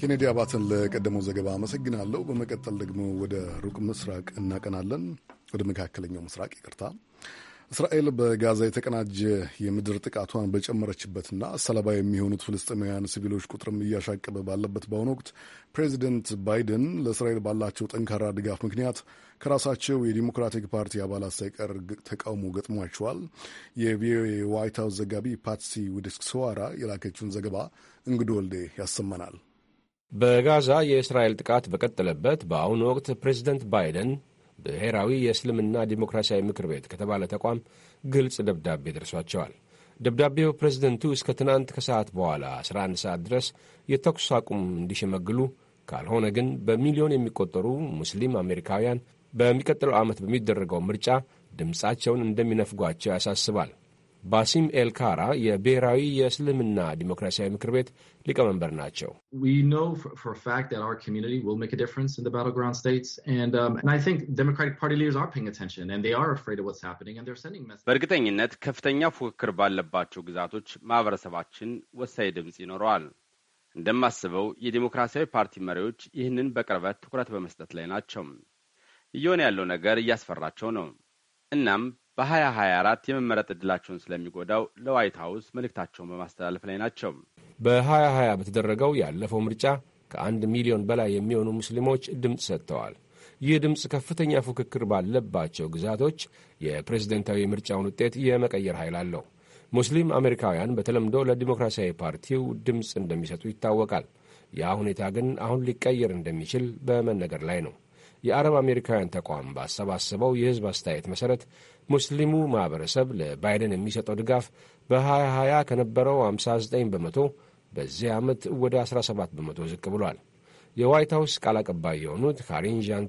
ኬኔዲ አባተን ለቀደመው ዘገባ አመሰግናለሁ። በመቀጠል ደግሞ ወደ ሩቅ ምስራቅ እናቀናለን። ወደ መካከለኛው ምስራቅ ይቅርታ። እስራኤል በጋዛ የተቀናጀ የምድር ጥቃቷን በጨመረችበትና ሰለባ የሚሆኑት ፍልስጤማውያን ሲቪሎች ቁጥርም እያሻቀበ ባለበት በአሁኑ ወቅት ፕሬዚደንት ባይደን ለእስራኤል ባላቸው ጠንካራ ድጋፍ ምክንያት ከራሳቸው የዲሞክራቲክ ፓርቲ አባላት ሳይቀር ተቃውሞ ገጥሟቸዋል። የቪኦኤ ዋይት ሀውስ ዘጋቢ ፓትሲ ሰዋራ የላከችውን ዘገባ እንግዶ ወልዴ ያሰማናል። በጋዛ የእስራኤል ጥቃት በቀጠለበት በአሁኑ ወቅት ፕሬዚደንት ባይደን ብሔራዊ የእስልምና ዲሞክራሲያዊ ምክር ቤት ከተባለ ተቋም ግልጽ ደብዳቤ ደርሷቸዋል። ደብዳቤው ፕሬዝደንቱ እስከ ትናንት ከሰዓት በኋላ 11 ሰዓት ድረስ የተኩስ አቁም እንዲሸመግሉ ካልሆነ ግን በሚሊዮን የሚቆጠሩ ሙስሊም አሜሪካውያን በሚቀጥለው ዓመት በሚደረገው ምርጫ ድምፃቸውን እንደሚነፍጓቸው ያሳስባል። ባሲም ኤልካራ የብሔራዊ የእስልምና ዲሞክራሲያዊ ምክር ቤት ሊቀመንበር ናቸው። um, በእርግጠኝነት ከፍተኛ ፉክክር ባለባቸው ግዛቶች ማህበረሰባችን ወሳኝ ድምፅ ይኖረዋል። እንደማስበው የዲሞክራሲያዊ ፓርቲ መሪዎች ይህንን በቅርበት ትኩረት በመስጠት ላይ ናቸው። እየሆነ ያለው ነገር እያስፈራቸው ነው። እናም በ2024 የመመረጥ ዕድላቸውን ስለሚጎዳው ለዋይት ሀውስ መልእክታቸውን በማስተላለፍ ላይ ናቸው። በ2020 በተደረገው ያለፈው ምርጫ ከአንድ ሚሊዮን በላይ የሚሆኑ ሙስሊሞች ድምፅ ሰጥተዋል። ይህ ድምፅ ከፍተኛ ፉክክር ባለባቸው ግዛቶች የፕሬዝደንታዊ ምርጫውን ውጤት የመቀየር ኃይል አለው። ሙስሊም አሜሪካውያን በተለምዶ ለዲሞክራሲያዊ ፓርቲው ድምፅ እንደሚሰጡ ይታወቃል። ያ ሁኔታ ግን አሁን ሊቀየር እንደሚችል በመነገር ላይ ነው። የአረብ አሜሪካውያን ተቋም ባሰባሰበው የሕዝብ አስተያየት መሠረት ሙስሊሙ ማህበረሰብ ለባይደን የሚሰጠው ድጋፍ በ2020 ከነበረው 59 በመቶ በዚህ ዓመት ወደ 17 በመቶ ዝቅ ብሏል። የዋይት ሃውስ ቃል አቀባይ የሆኑት ካሪን ዣን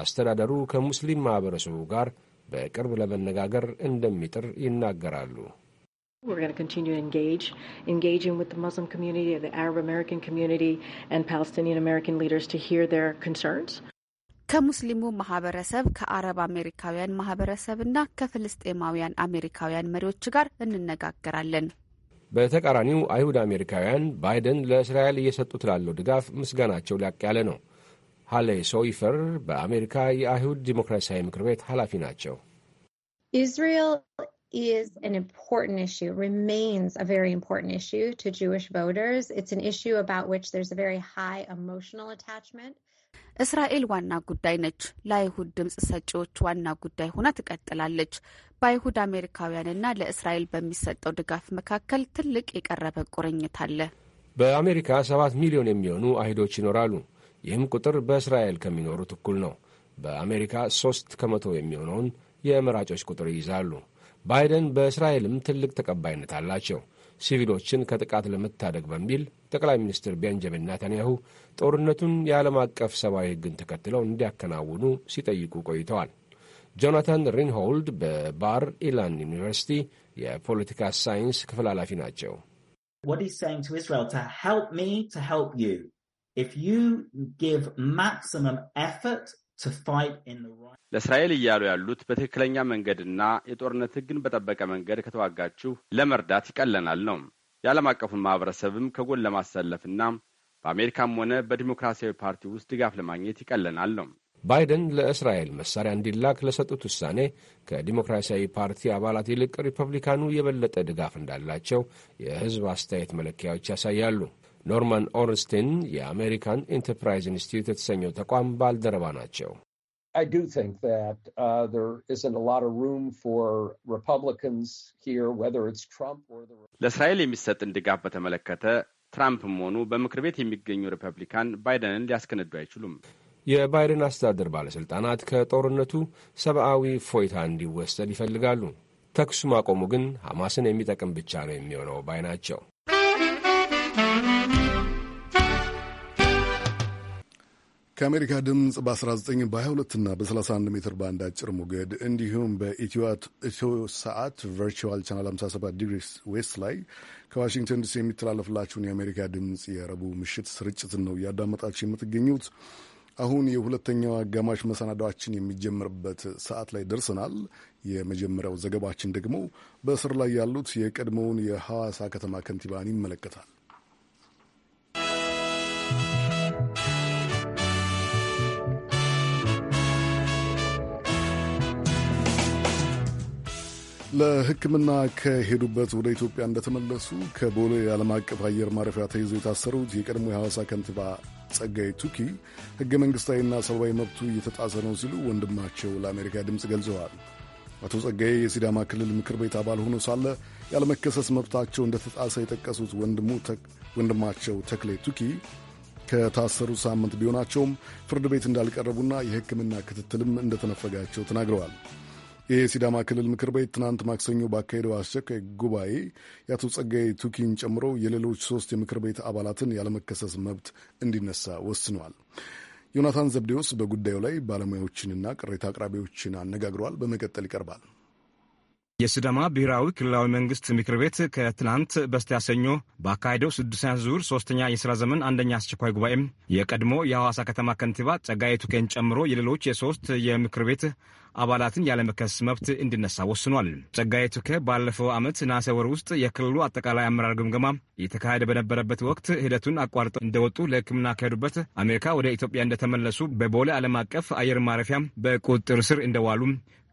አስተዳደሩ ከሙስሊም ማህበረሰቡ ጋር በቅርብ ለመነጋገር እንደሚጥር ይናገራሉ። ሙስሊም ማህበረሰቡ ጋር በቅርብ ለመነጋገር እንደሚጥር ይናገራሉ። ከሙስሊሙ ማህበረሰብ፣ ከአረብ አሜሪካውያን ማህበረሰብና ከፍልስጤማውያን አሜሪካውያን መሪዎች ጋር እንነጋገራለን። በተቃራኒው አይሁድ አሜሪካውያን ባይደን ለእስራኤል እየሰጡት ላለው ድጋፍ ምስጋናቸው ላቅ ያለ ነው። ሃሌ ሶይፈር በአሜሪካ የአይሁድ ዲሞክራሲያዊ ምክር ቤት ኃላፊ ናቸው። ኢስራኤል is እስራኤል ዋና ጉዳይ ነች። ለአይሁድ ድምፅ ሰጪዎች ዋና ጉዳይ ሆና ትቀጥላለች። በአይሁድ አሜሪካውያንና ለእስራኤል በሚሰጠው ድጋፍ መካከል ትልቅ የቀረበ ቁርኝት አለ። በአሜሪካ ሰባት ሚሊዮን የሚሆኑ አይሁዶች ይኖራሉ። ይህም ቁጥር በእስራኤል ከሚኖሩት እኩል ነው። በአሜሪካ ሶስት ከመቶ የሚሆነውን የመራጮች ቁጥር ይይዛሉ። ባይደን በእስራኤልም ትልቅ ተቀባይነት አላቸው። ሲቪሎችን ከጥቃት ለመታደግ በሚል ጠቅላይ ሚኒስትር ቤንጃሚን ናታንያሁ ጦርነቱን የዓለም አቀፍ ሰብአዊ ሕግን ተከትለው እንዲያከናውኑ ሲጠይቁ ቆይተዋል። ጆናታን ሪንሆልድ በባር ኢላን ዩኒቨርሲቲ የፖለቲካ ሳይንስ ክፍል ኃላፊ ናቸው። ለእስራኤል እያሉ ያሉት በትክክለኛ መንገድና የጦርነት ሕግን በጠበቀ መንገድ ከተዋጋችሁ ለመርዳት ይቀለናል ነው። የዓለም አቀፉን ማህበረሰብም ከጎን ለማሰለፍና በአሜሪካም ሆነ በዲሞክራሲያዊ ፓርቲ ውስጥ ድጋፍ ለማግኘት ይቀለናል ነው። ባይደን ለእስራኤል መሳሪያ እንዲላክ ለሰጡት ውሳኔ ከዲሞክራሲያዊ ፓርቲ አባላት ይልቅ ሪፐብሊካኑ የበለጠ ድጋፍ እንዳላቸው የህዝብ አስተያየት መለኪያዎች ያሳያሉ። ኖርማን ኦርስቲን የአሜሪካን ኢንተርፕራይዝ ኢንስቲትዩት የተሰኘው ተቋም ባልደረባ ናቸው። ለእስራኤል የሚሰጥን ድጋፍ በተመለከተ ትራምፕም ሆኑ በምክር ቤት የሚገኙ ሪፐብሊካን ባይደንን ሊያስከነዱ አይችሉም። የባይደን አስተዳደር ባለሥልጣናት ከጦርነቱ ሰብአዊ እፎይታ እንዲወሰድ ይፈልጋሉ። ተኩስ ማቆሙ ግን ሐማስን የሚጠቅም ብቻ ነው የሚሆነው ባይ ናቸው። ከአሜሪካ ድምፅ በ19 በ22 እና በ31 ሜትር ባንድ አጭር ሞገድ እንዲሁም በኢትዮ ሰዓት ቨርቹዋል ቻናል 57 ዲግሪ ዌስት ላይ ከዋሽንግተን ዲሲ የሚተላለፍላችሁን የአሜሪካ ድምፅ የረቡዕ ምሽት ስርጭትን ነው እያዳመጣችሁ የምትገኙት። አሁን የሁለተኛው አጋማሽ መሰናዷችን የሚጀምርበት ሰዓት ላይ ደርሰናል። የመጀመሪያው ዘገባችን ደግሞ በእስር ላይ ያሉት የቀድሞውን የሐዋሳ ከተማ ከንቲባን ይመለከታል። ለሕክምና ከሄዱበት ወደ ኢትዮጵያ እንደተመለሱ ከቦሌ የዓለም አቀፍ አየር ማረፊያ ተይዘው የታሰሩት የቀድሞ የሐዋሳ ከንቲባ ጸጋይ ቱኪ ሕገ መንግሥታዊና ሰብአዊ መብቱ እየተጣሰ ነው ሲሉ ወንድማቸው ለአሜሪካ ድምፅ ገልጸዋል። አቶ ጸጋዬ የሲዳማ ክልል ምክር ቤት አባል ሆኖ ሳለ ያለመከሰስ መብታቸው እንደተጣሰ የጠቀሱት ወንድማቸው ተክሌ ቱኪ ከታሰሩ ሳምንት ቢሆናቸውም ፍርድ ቤት እንዳልቀረቡና የሕክምና ክትትልም እንደተነፈጋቸው ተናግረዋል። የሲዳማ ክልል ምክር ቤት ትናንት ማክሰኞ ባካሄደው አስቸኳይ ጉባኤ የአቶ ጸጋዬ ቱኪን ጨምሮ የሌሎች ሶስት የምክር ቤት አባላትን ያለመከሰስ መብት እንዲነሳ ወስኗል። ዮናታን ዘብዴዎስ በጉዳዩ ላይ ባለሙያዎችንና ቅሬታ አቅራቢዎችን አነጋግሯል። በመቀጠል ይቀርባል። የሲዳማ ብሔራዊ ክልላዊ መንግስት ምክር ቤት ከትናንት በስቲያ ሰኞ በአካሄደው ስድስተኛ ዙር ሶስተኛ የስራ ዘመን አንደኛ አስቸኳይ ጉባኤም የቀድሞ የሐዋሳ ከተማ ከንቲባ ጸጋዬ ቱኬን ጨምሮ የሌሎች የሶስት የምክር ቤት አባላትን ያለመከስ መብት እንዲነሳ ወስኗል። ጸጋዬ ቱኬ ባለፈው ዓመት ነሐሴ ወር ውስጥ የክልሉ አጠቃላይ አመራር ግምገማ የተካሄደ በነበረበት ወቅት ሂደቱን አቋርጠው እንደወጡ ለሕክምና ካሄዱበት አሜሪካ ወደ ኢትዮጵያ እንደተመለሱ በቦሌ ዓለም አቀፍ አየር ማረፊያ በቁጥጥር ስር እንደዋሉ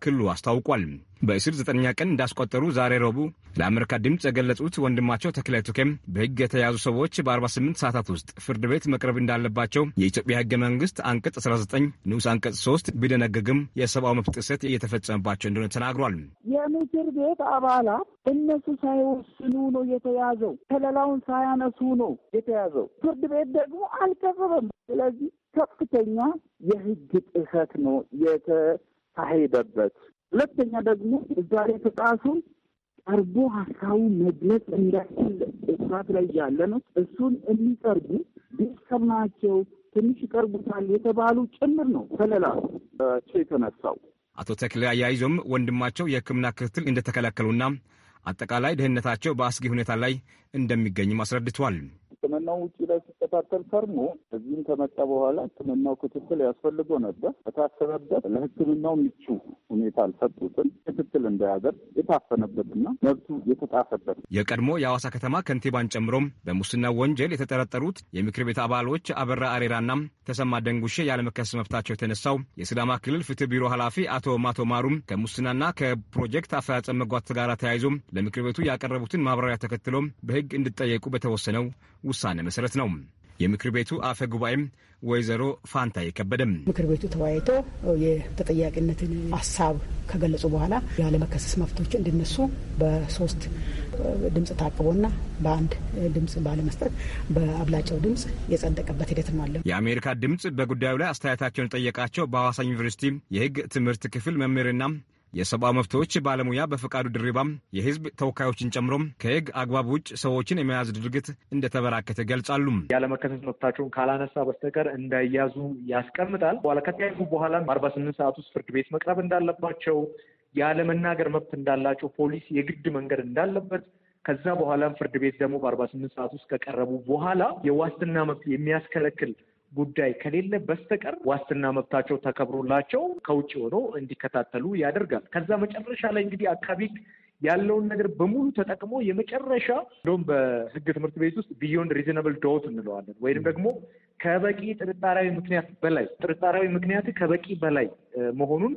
ክልሉ አስታውቋል። በእስር ዘጠነኛ ቀን እንዳስቆጠሩ ዛሬ ረቡዕ ለአሜሪካ ድምፅ የገለጹት ወንድማቸው ተክለ ቱኬም በሕግ የተያዙ ሰዎች በ48 ሰዓታት ውስጥ ፍርድ ቤት መቅረብ እንዳለባቸው የኢትዮጵያ ሕገ መንግስት አንቀጽ 19 ንዑስ አንቀጽ 3 ቢደነግግም የሰብአዊ መብት ጥሰት እየተፈጸመባቸው እንደሆነ ተናግሯል። የምክር ቤት አባላት እነሱ ሳይወስኑ ነው የተያዘው። ከለላውን ሳያነሱ ነው የተያዘው። ፍርድ ቤት ደግሞ አልቀረበም። ስለዚህ ከፍተኛ የሕግ ጥሰት ነው የተ አሄደበት። ሁለተኛ ደግሞ እዛ ላይ ተጻፉ ቀርቦ ሀሳቡ መግለጽ እንዳይችል እስራት ላይ ያለ ነው። እሱን የሚቀርቡ ቤተሰብ ናቸው፣ ትንሽ ይቀርቡታል የተባሉ ጭምር ነው ከለላ የተነሳው። አቶ ተክሌ አያይዞም ወንድማቸው የሕክምና ክትትል እንደተከለከሉና አጠቃላይ ደህንነታቸው በአስጊ ሁኔታ ላይ እንደሚገኝም አስረድቷል። ሕክምናው ውጭ ላይ ሲከታተል ከርሞ እዚህም ከመጣ በኋላ ሕክምናው ክትትል ያስፈልገው ነበር። በታሰበበት ለሕክምናው ምቹ ሁኔታ አልሰጡትም። ክትትል እንደያዘር የታፈነበትና መብቱ የተጣፈበት የቀድሞ የአዋሳ ከተማ ከንቲባን ጨምሮም በሙስና ወንጀል የተጠረጠሩት የምክር ቤት አባሎች አበራ አሬራና ተሰማ ደንጉሼ ያለመከሰስ መብታቸው የተነሳው የስዳማ ክልል ፍትህ ቢሮ ኃላፊ አቶ ማቶ ማሩም ከሙስናና ከፕሮጀክት አፈጻጸም መጓት ጋር ተያይዞም ለምክር ቤቱ ያቀረቡትን ማብራሪያ ተከትሎም በህግ እንዲጠየቁ በተወሰነው ውሳኔ መሰረት ነው። የምክር ቤቱ አፈ ጉባኤም ወይዘሮ ፋንታ የከበደም ምክር ቤቱ ተወያይቶ የተጠያቂነትን ሀሳብ ከገለጹ በኋላ ያለመከሰስ መብቶች እንዲነሱ በሶስት ድምፅ ታቅቦና በአንድ ድምፅ ባለመስጠት በአብላጫው ድምፅ የጸደቀበት ሂደት ነው አለ። የአሜሪካ ድምፅ በጉዳዩ ላይ አስተያየታቸውን የጠየቃቸው በሐዋሳ ዩኒቨርሲቲ የሕግ ትምህርት ክፍል መምህርና የሰብአዊ መብቶች ባለሙያ በፈቃዱ ድሪባም የህዝብ ተወካዮችን ጨምሮ ከህግ አግባብ ውጭ ሰዎችን የመያዝ ድርጊት እንደተበራከተ ገልጻሉ። ያለመከሰስ መብታቸውን ካላነሳ በስተቀር እንዳያዙ ያስቀምጣል። በኋላ ከተያዙ በኋላ አርባ ስምንት ሰዓት ውስጥ ፍርድ ቤት መቅረብ እንዳለባቸው ያለመናገር መብት እንዳላቸው ፖሊስ የግድ መንገድ እንዳለበት ከዛ በኋላም ፍርድ ቤት ደግሞ በአርባ ስምንት ሰዓት ውስጥ ከቀረቡ በኋላ የዋስትና መብት የሚያስከለክል ጉዳይ ከሌለ በስተቀር ዋስትና መብታቸው ተከብሮላቸው ከውጭ ሆነው እንዲከታተሉ ያደርጋል። ከዛ መጨረሻ ላይ እንግዲህ አካባቢ ያለውን ነገር በሙሉ ተጠቅሞ የመጨረሻ እንደውም በህግ ትምህርት ቤት ውስጥ ቢዮንድ ሪዝናብል ዶት እንለዋለን ወይም ደግሞ ከበቂ ጥርጣራዊ ምክንያት በላይ ጥርጣራዊ ምክንያት ከበቂ በላይ መሆኑን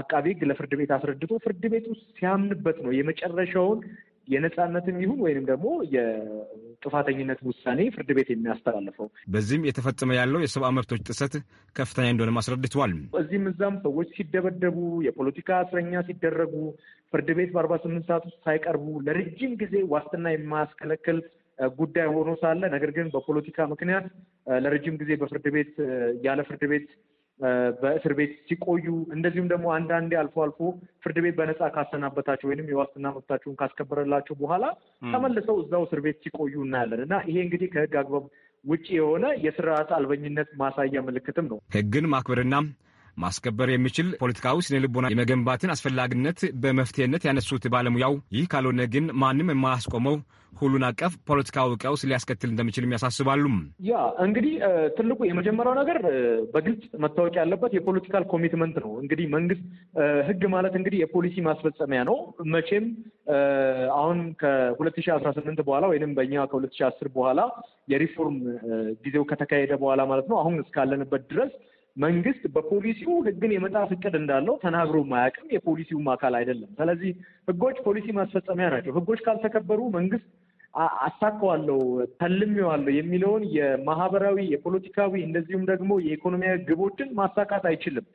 አቃቤ ህግ ለፍርድ ቤት አስረድቶ ፍርድ ቤቱ ሲያምንበት ነው የመጨረሻውን የነጻነትም ይሁን ወይንም ደግሞ የጥፋተኝነት ውሳኔ ፍርድ ቤት የሚያስተላልፈው። በዚህም የተፈጸመ ያለው የሰብአዊ መብቶች ጥሰት ከፍተኛ እንደሆነ አስረድተዋል። እዚህም እዛም ሰዎች ሲደበደቡ፣ የፖለቲካ እስረኛ ሲደረጉ፣ ፍርድ ቤት በአርባ ስምንት ሰዓት ውስጥ ሳይቀርቡ ለረጅም ጊዜ ዋስትና የማያስከለክል ጉዳይ ሆኖ ሳለ ነገር ግን በፖለቲካ ምክንያት ለረጅም ጊዜ በፍርድ ቤት ያለ ፍርድ ቤት በእስር ቤት ሲቆዩ እንደዚሁም ደግሞ አንዳንዴ አልፎ አልፎ ፍርድ ቤት በነፃ ካሰናበታቸው ወይም የዋስትና መብታቸውን ካስከበረላቸው በኋላ ተመልሰው እዛው እስር ቤት ሲቆዩ እናያለን እና ይሄ እንግዲህ ከህግ አግባብ ውጭ የሆነ የስርዓት አልበኝነት ማሳያ ምልክትም ነው። ህግን ማክበርና ማስከበር የሚችል ፖለቲካዊ ስነ ልቦና የመገንባትን አስፈላጊነት በመፍትሄነት ያነሱት ባለሙያው ይህ ካልሆነ ግን ማንም የማያስቆመው ሁሉን አቀፍ ፖለቲካዊ ቀውስ ሊያስከትል እንደሚችል ያሳስባሉ። ያ እንግዲህ ትልቁ የመጀመሪያው ነገር በግልጽ መታወቅ ያለበት የፖለቲካል ኮሚትመንት ነው። እንግዲህ መንግስት ህግ ማለት እንግዲህ የፖሊሲ ማስፈጸሚያ ነው። መቼም አሁን ከ2018 በኋላ ወይም በእኛ ከ2010 በኋላ የሪፎርም ጊዜው ከተካሄደ በኋላ ማለት ነው አሁን እስካለንበት ድረስ መንግስት በፖሊሲው ህግን የመጣፍ እቅድ እንዳለው ተናግሮ ማያውቅም። የፖሊሲውም አካል አይደለም። ስለዚህ ህጎች ፖሊሲ ማስፈጸሚያ ናቸው። ህጎች ካልተከበሩ መንግስት አሳካዋለሁ፣ ተልሜዋለሁ የሚለውን የማህበራዊ የፖለቲካዊ እንደዚሁም ደግሞ የኢኮኖሚያዊ ግቦችን ማሳካት አይችልም።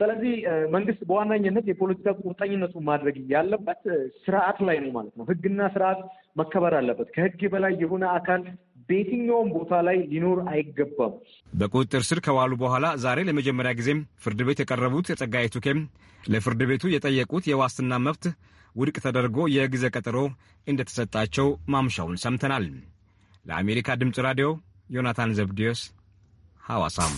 ስለዚህ መንግስት በዋናኝነት የፖለቲካ ቁርጠኝነቱ ማድረግ ያለበት ስርዓት ላይ ነው ማለት ነው። ህግና ስርዓት መከበር አለበት። ከህግ በላይ የሆነ አካል በየትኛውም ቦታ ላይ ሊኖር አይገባም። በቁጥጥር ስር ከዋሉ በኋላ ዛሬ ለመጀመሪያ ጊዜም ፍርድ ቤት የቀረቡት ጸጋዬ ቱኬም ለፍርድ ቤቱ የጠየቁት የዋስትና መብት ውድቅ ተደርጎ የጊዜ ቀጠሮ እንደተሰጣቸው ማምሻውን ሰምተናል። ለአሜሪካ ድምፅ ራዲዮ ዮናታን ዘብዲዮስ ሐዋሳም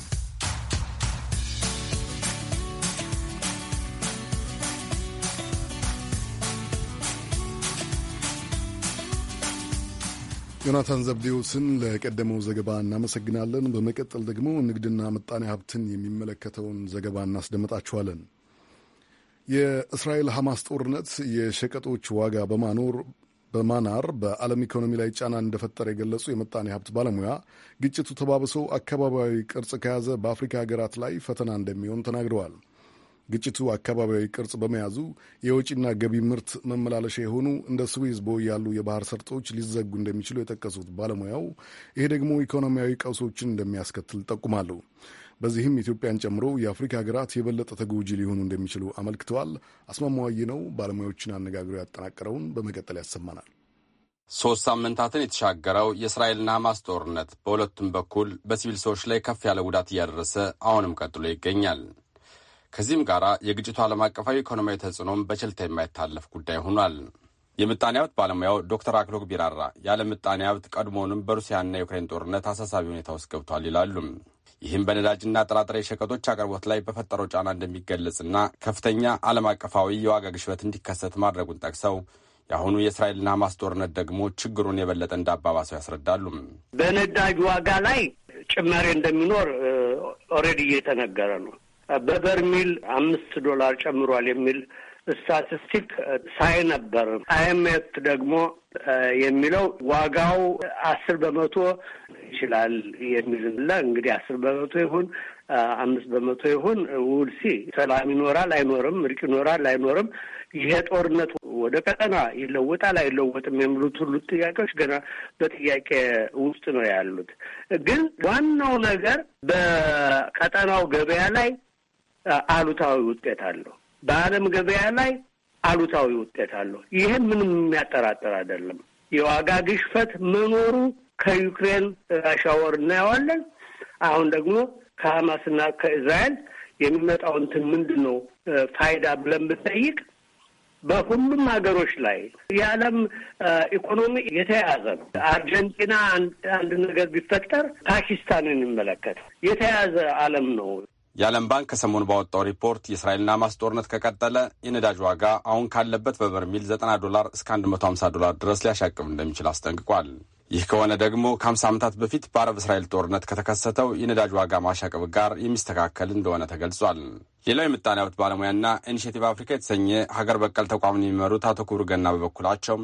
ዮናታን ዘብዴዎስን ለቀደመው ዘገባ እናመሰግናለን። በመቀጠል ደግሞ ንግድና ምጣኔ ሀብትን የሚመለከተውን ዘገባ እናስደምጣችኋለን። የእስራኤል ሐማስ ጦርነት የሸቀጦች ዋጋ በማኖር በማናር በዓለም ኢኮኖሚ ላይ ጫና እንደፈጠረ የገለጹ የመጣኔ ሀብት ባለሙያ ግጭቱ ተባብሰው አካባቢያዊ ቅርጽ ከያዘ በአፍሪካ ሀገራት ላይ ፈተና እንደሚሆን ተናግረዋል። ግጭቱ አካባቢያዊ ቅርጽ በመያዙ የወጪና ገቢ ምርት መመላለሻ የሆኑ እንደ ስዊዝ ቦይ ያሉ የባህር ሰርጦች ሊዘጉ እንደሚችሉ የጠቀሱት ባለሙያው ይሄ ደግሞ ኢኮኖሚያዊ ቀውሶችን እንደሚያስከትል ጠቁማሉ። በዚህም ኢትዮጵያን ጨምሮ የአፍሪካ ሀገራት የበለጠ ተጎጂ ሊሆኑ እንደሚችሉ አመልክተዋል። አስማማዋይ ነው ባለሙያዎችን አነጋግሮ ያጠናቀረውን በመቀጠል ያሰማናል። ሶስት ሳምንታትን የተሻገረው የእስራኤልና ሐማስ ጦርነት በሁለቱም በኩል በሲቪል ሰዎች ላይ ከፍ ያለ ጉዳት እያደረሰ አሁንም ቀጥሎ ይገኛል። ከዚህም ጋር የግጭቱ ዓለም አቀፋዊ ኢኮኖሚያዊ ተጽዕኖም በችልታ የማይታለፍ ጉዳይ ሆኗል። የምጣኔ ሀብት ባለሙያው ዶክተር አክሎግ ቢራራ ያለ ምጣኔ ሀብት ቀድሞውንም በሩሲያና ዩክሬን ጦርነት አሳሳቢ ሁኔታ ውስጥ ገብቷል ይላሉ። ይህም በነዳጅና ጥራጥሬ ሸቀጦች አቅርቦት ላይ በፈጠረው ጫና እንደሚገለጽና ከፍተኛ ዓለም አቀፋዊ የዋጋ ግሽበት እንዲከሰት ማድረጉን ጠቅሰው የአሁኑ የእስራኤልና ሀማስ ጦርነት ደግሞ ችግሩን የበለጠ እንዳባባሰው ያስረዳሉ። በነዳጅ ዋጋ ላይ ጭመሬ እንደሚኖር ኦልሬዲ እየተነገረ ነው። በበርሚል አምስት ዶላር ጨምሯል የሚል ስታቲስቲክ ሳይ ነበር። አይኤምኤፍ ደግሞ የሚለው ዋጋው አስር በመቶ ይችላል የሚልላ እንግዲህ አስር በመቶ ይሁን አምስት በመቶ ይሁን ውልሲ ሰላም ይኖራል አይኖርም፣ እርቅ ይኖራል አይኖርም፣ ይሄ ጦርነት ወደ ቀጠና ይለወጣል አይለወጥም የሚሉት ሁሉ ጥያቄዎች ገና በጥያቄ ውስጥ ነው ያሉት። ግን ዋናው ነገር በቀጠናው ገበያ ላይ አሉታዊ ውጤት አለው። በዓለም ገበያ ላይ አሉታዊ ውጤት አለው። ይህም ምንም የሚያጠራጥር አይደለም። የዋጋ ግሽፈት መኖሩ ከዩክሬን ራሻ ወር እናየዋለን። አሁን ደግሞ ከሀማስና ከእስራኤል የሚመጣው እንትን ምንድን ነው ፋይዳ ብለን ብንጠይቅ በሁሉም ሀገሮች ላይ የዓለም ኢኮኖሚ የተያያዘ ነው። አርጀንቲና አንድ ነገር ቢፈጠር ፓኪስታንን ይመለከት የተያያዘ ዓለም ነው። የዓለም ባንክ ከሰሞኑ ባወጣው ሪፖርት የእስራኤልና ሐማስ ጦርነት ከቀጠለ የነዳጅ ዋጋ አሁን ካለበት በበርሚል 90 ዶላር እስከ 150 ዶላር ድረስ ሊያሻቅብ እንደሚችል አስጠንቅቋል። ይህ ከሆነ ደግሞ ከ50 ዓመታት በፊት በአረብ እስራኤል ጦርነት ከተከሰተው የነዳጅ ዋጋ ማሻቅብ ጋር የሚስተካከል እንደሆነ ተገልጿል። ሌላው የምጣኔ ሀብት ባለሙያና ኢኒሽቲቭ አፍሪካ የተሰኘ ሀገር በቀል ተቋምን የሚመሩት አቶ ክቡር ገና በበኩላቸው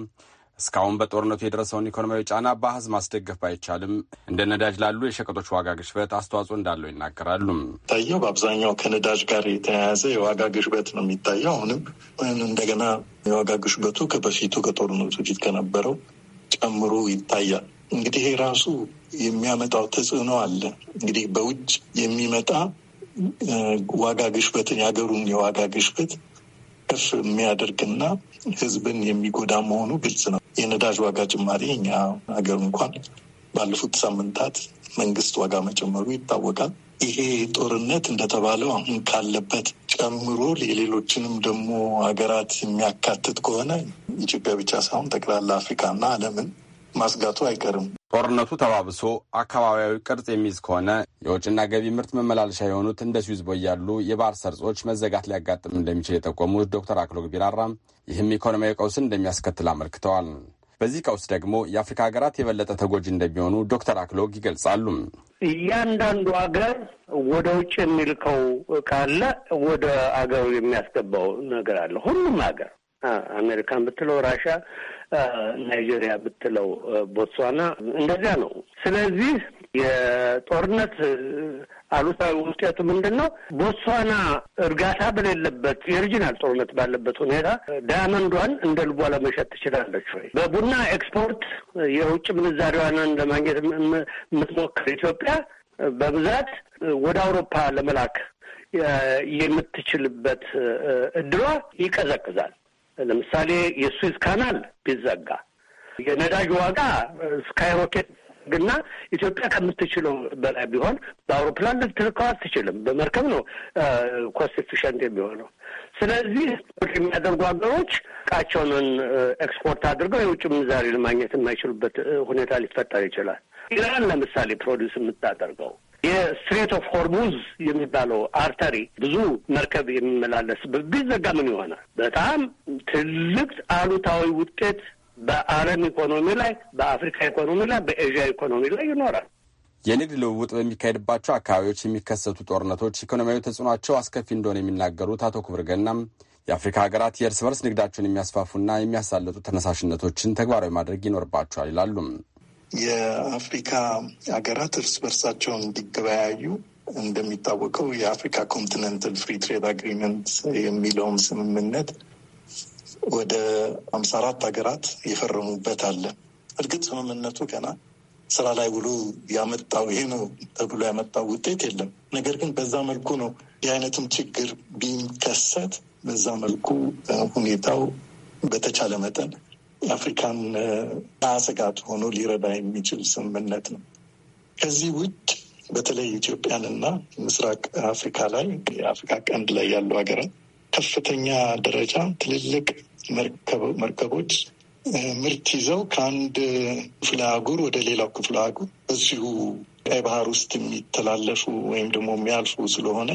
እስካሁን በጦርነቱ የደረሰውን ኢኮኖሚያዊ ጫና በአህዝ ማስደገፍ ባይቻልም እንደ ነዳጅ ላሉ የሸቀጦች ዋጋ ግሽበት አስተዋጽኦ እንዳለው ይናገራሉ። ታየው በአብዛኛው ከነዳጅ ጋር የተያያዘ የዋጋ ግሽበት ነው የሚታየው። አሁንም እንደገና የዋጋ ግሽበቱ ከበፊቱ ከጦርነቱ ፊት ከነበረው ጨምሮ ይታያል። እንግዲህ ራሱ የሚያመጣው ተጽዕኖ አለ። እንግዲህ በውጭ የሚመጣ ዋጋ ግሽበትን የሀገሩን የዋጋ ግሽበት ከፍ የሚያደርግና ሕዝብን የሚጎዳ መሆኑ ግልጽ ነው። የነዳጅ ዋጋ ጭማሪ እኛ ሀገር እንኳን ባለፉት ሳምንታት መንግስት ዋጋ መጨመሩ ይታወቃል። ይሄ ጦርነት እንደተባለው አሁን ካለበት ጨምሮ የሌሎችንም ደግሞ ሀገራት የሚያካትት ከሆነ ኢትዮጵያ ብቻ ሳይሆን ጠቅላላ አፍሪካና ዓለምን ማስጋቱ አይቀርም። ጦርነቱ ተባብሶ አካባቢያዊ ቅርጽ የሚይዝ ከሆነ የውጭና ገቢ ምርት መመላለሻ የሆኑት እንደ ስዊዝ ቦይ ያሉ የባህር ሰርጾች መዘጋት ሊያጋጥም እንደሚችል የጠቆሙት ዶክተር አክሎግ ቢራራም ይህም ኢኮኖሚያዊ ቀውስን እንደሚያስከትል አመልክተዋል። በዚህ ቀውስ ደግሞ የአፍሪካ ሀገራት የበለጠ ተጎጂ እንደሚሆኑ ዶክተር አክሎግ ይገልጻሉ። እያንዳንዱ ሀገር ወደ ውጭ የሚልከው ካለ ወደ አገሩ የሚያስገባው ነገር አለ። ሁሉም ሀገር አሜሪካን ብትለው ራሻ ናይጄሪያ ብትለው ቦትስዋና እንደዚያ ነው። ስለዚህ የጦርነት አሉታዊ ውጤቱ ምንድን ነው? ቦትስዋና እርጋታ በሌለበት የሪጂናል ጦርነት ባለበት ሁኔታ ዳያመንዷን እንደ ልቧ ለመሸጥ ትችላለች ወይ? በቡና ኤክስፖርት የውጭ ምንዛሪዋንን ለማግኘት የምትሞክር ኢትዮጵያ በብዛት ወደ አውሮፓ ለመላክ የምትችልበት እድሏ ይቀዘቅዛል። ለምሳሌ የሱዌዝ ካናል ቢዘጋ የነዳጅ ዋጋ ስካይ ግና ኢትዮጵያ ከምትችለው በላይ ቢሆን በአውሮፕላን ልትልከው አትችልም። በመርከብ ነው ኮስት ኤፊሽንት የሚሆነው። ስለዚህ የሚያደርጉ ሀገሮች እቃቸውን ኤክስፖርት አድርገው የውጭ ምንዛሬ ለማግኘት የማይችሉበት ሁኔታ ሊፈጠር ይችላል። ኢራን ለምሳሌ ፕሮዲውስ የምታደርገው የስትሬት ኦፍ ሆርሙዝ የሚባለው አርተሪ ብዙ መርከብ የሚመላለስ ቢዘጋ ምን ይሆናል? በጣም ትልቅ አሉታዊ ውጤት በዓለም ኢኮኖሚ ላይ፣ በአፍሪካ ኢኮኖሚ ላይ፣ በኤዥያ ኢኮኖሚ ላይ ይኖራል። የንግድ ልውውጥ በሚካሄድባቸው አካባቢዎች የሚከሰቱ ጦርነቶች ኢኮኖሚያዊ ተጽዕኖቸው አስከፊ እንደሆነ የሚናገሩት አቶ ክብር ገናም የአፍሪካ ሀገራት የእርስ በርስ ንግዳቸውን የሚያስፋፉና የሚያሳልጡ ተነሳሽነቶችን ተግባራዊ ማድረግ ይኖርባቸዋል ይላሉም። የአፍሪካ ሀገራት እርስ በርሳቸውን እንዲገበያዩ እንደሚታወቀው የአፍሪካ ኮንቲኔንታል ፍሪ ትሬድ አግሪመንት የሚለውን ስምምነት ወደ አምሳ አራት ሀገራት የፈረሙበት አለ። እርግጥ ስምምነቱ ገና ስራ ላይ ውሎ ያመጣው ይሄ ነው ተብሎ ያመጣው ውጤት የለም። ነገር ግን በዛ መልኩ ነው ይህ ችግር ቢከሰት በዛ መልኩ ሁኔታው በተቻለ መጠን የአፍሪካን ስጋት ሆኖ ሊረዳ የሚችል ስምምነት ነው። ከዚህ ውጭ በተለይ ኢትዮጵያንና ምስራቅ አፍሪካ ላይ የአፍሪካ ቀንድ ላይ ያሉ ሀገራት ከፍተኛ ደረጃ ትልልቅ መርከቦች ምርት ይዘው ከአንድ ክፍለ አህጉር ወደ ሌላው ክፍለ አህጉር እዚሁ ቀይ ባህር ውስጥ የሚተላለፉ ወይም ደግሞ የሚያልፉ ስለሆነ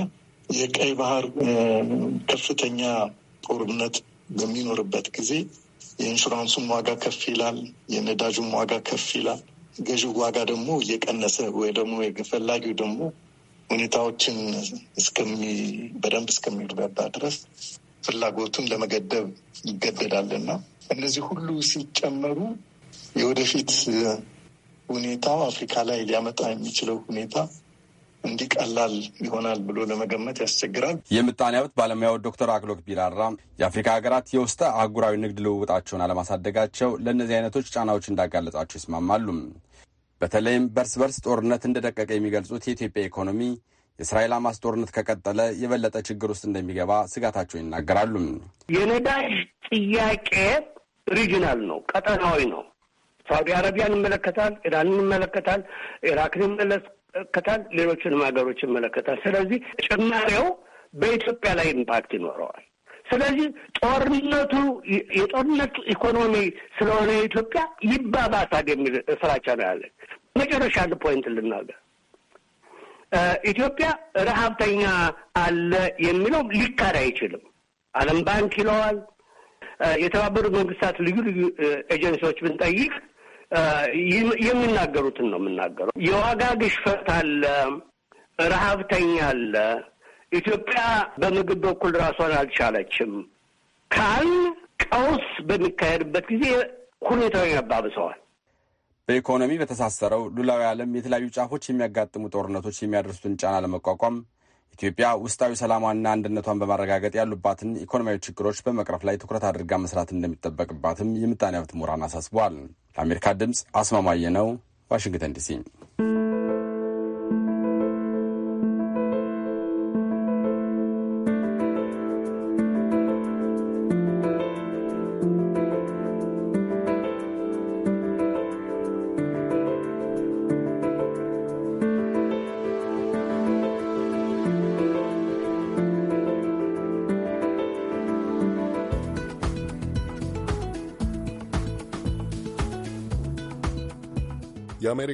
የቀይ ባህር ከፍተኛ ጦርነት በሚኖርበት ጊዜ የኢንሹራንሱም ዋጋ ከፍ ይላል፣ የነዳጁም ዋጋ ከፍ ይላል። ገዢው ዋጋ ደግሞ እየቀነሰ ወይ ደግሞ የፈላጊው ደግሞ ሁኔታዎችን በደንብ እስከሚረዳ ድረስ ፍላጎቱን ለመገደብ ይገደዳልና እነዚህ ሁሉ ሲጨመሩ የወደፊት ሁኔታው አፍሪካ ላይ ሊያመጣ የሚችለው ሁኔታ እንዲቀላል ይሆናል ብሎ ለመገመት ያስቸግራል። የምጣኔ ሀብት ባለሙያው ዶክተር አክሎክ ቢራራ የአፍሪካ ሀገራት የውስጥ አህጉራዊ ንግድ ልውውጣቸውን አለማሳደጋቸው ለእነዚህ አይነቶች ጫናዎች እንዳጋለጻቸው ይስማማሉ። በተለይም በርስ በርስ ጦርነት እንደደቀቀ የሚገልጹት የኢትዮጵያ ኢኮኖሚ የእስራኤል ሐማስ ጦርነት ከቀጠለ የበለጠ ችግር ውስጥ እንደሚገባ ስጋታቸው ይናገራሉ። የነዳጅ ጥያቄ ሪጅናል ነው፣ ቀጠናዊ ነው። ሳውዲ አረቢያን ይመለከታል፣ ኢራንን ይመለከታል፣ ኢራክን ይመለከታል፣ ሌሎችንም ሀገሮች ይመለከታል። ስለዚህ ጭማሪው በኢትዮጵያ ላይ ኢምፓክት ይኖረዋል። ስለዚህ ጦርነቱ የጦርነቱ ኢኮኖሚ ስለሆነ ኢትዮጵያ ይባባሳል የሚል ፍራቻ ነው ያለን። መጨረሻ አንድ ፖይንት ልናገር ኢትዮጵያ ረሀብተኛ አለ የሚለው ሊካድ አይችልም። ዓለም ባንክ ይለዋል። የተባበሩት መንግስታት ልዩ ልዩ ኤጀንሲዎች ብንጠይቅ የሚናገሩትን ነው የምናገረው። የዋጋ ግሽፈት አለ፣ ረሀብተኛ አለ፣ ኢትዮጵያ በምግብ በኩል ራሷን አልቻለችም ካል ቀውስ በሚካሄድበት ጊዜ ሁኔታውን ያባብሰዋል። በኢኮኖሚ በተሳሰረው ሉላዊ ዓለም የተለያዩ ጫፎች የሚያጋጥሙ ጦርነቶች የሚያደርሱትን ጫና ለመቋቋም ኢትዮጵያ ውስጣዊ ሰላሟና አንድነቷን በማረጋገጥ ያሉባትን ኢኮኖሚያዊ ችግሮች በመቅረፍ ላይ ትኩረት አድርጋ መስራት እንደሚጠበቅባትም የምጣኔ ሀብት ምሁራን አሳስበዋል። ለአሜሪካ ድምፅ አስማማየ ነው፣ ዋሽንግተን ዲሲ።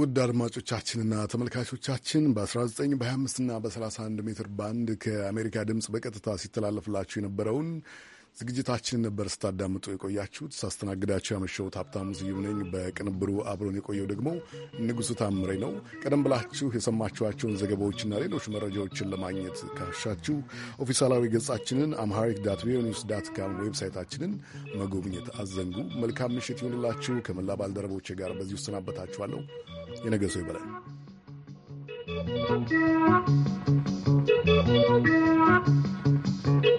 ውድ አድማጮቻችንና ተመልካቾቻችን በ19 በ25ና በ31 ሜትር ባንድ ከአሜሪካ ድምፅ በቀጥታ ሲተላለፍላችሁ የነበረውን ዝግጅታችንን ነበር ስታዳምጡ የቆያችሁት። ሳስተናግዳችሁ ያመሸሁት ሀብታሙ ስዩም ነኝ። በቅንብሩ አብሮን የቆየው ደግሞ ንጉሱ ታምሬ ነው። ቀደም ብላችሁ የሰማችኋቸውን ዘገባዎችና ሌሎች መረጃዎችን ለማግኘት ካሻችሁ ኦፊሳላዊ ገጻችንን አምሃሪክ ዳት ቪኦኤ ኒውስ ዳት ካም ዌብሳይታችንን መጎብኘት አዘንጉ። መልካም ምሽት ይሁንላችሁ። ከመላ ባልደረቦቼ ጋር በዚህ እሰናበታችኋለሁ። የነገ ሰው ይበላል። Thank you.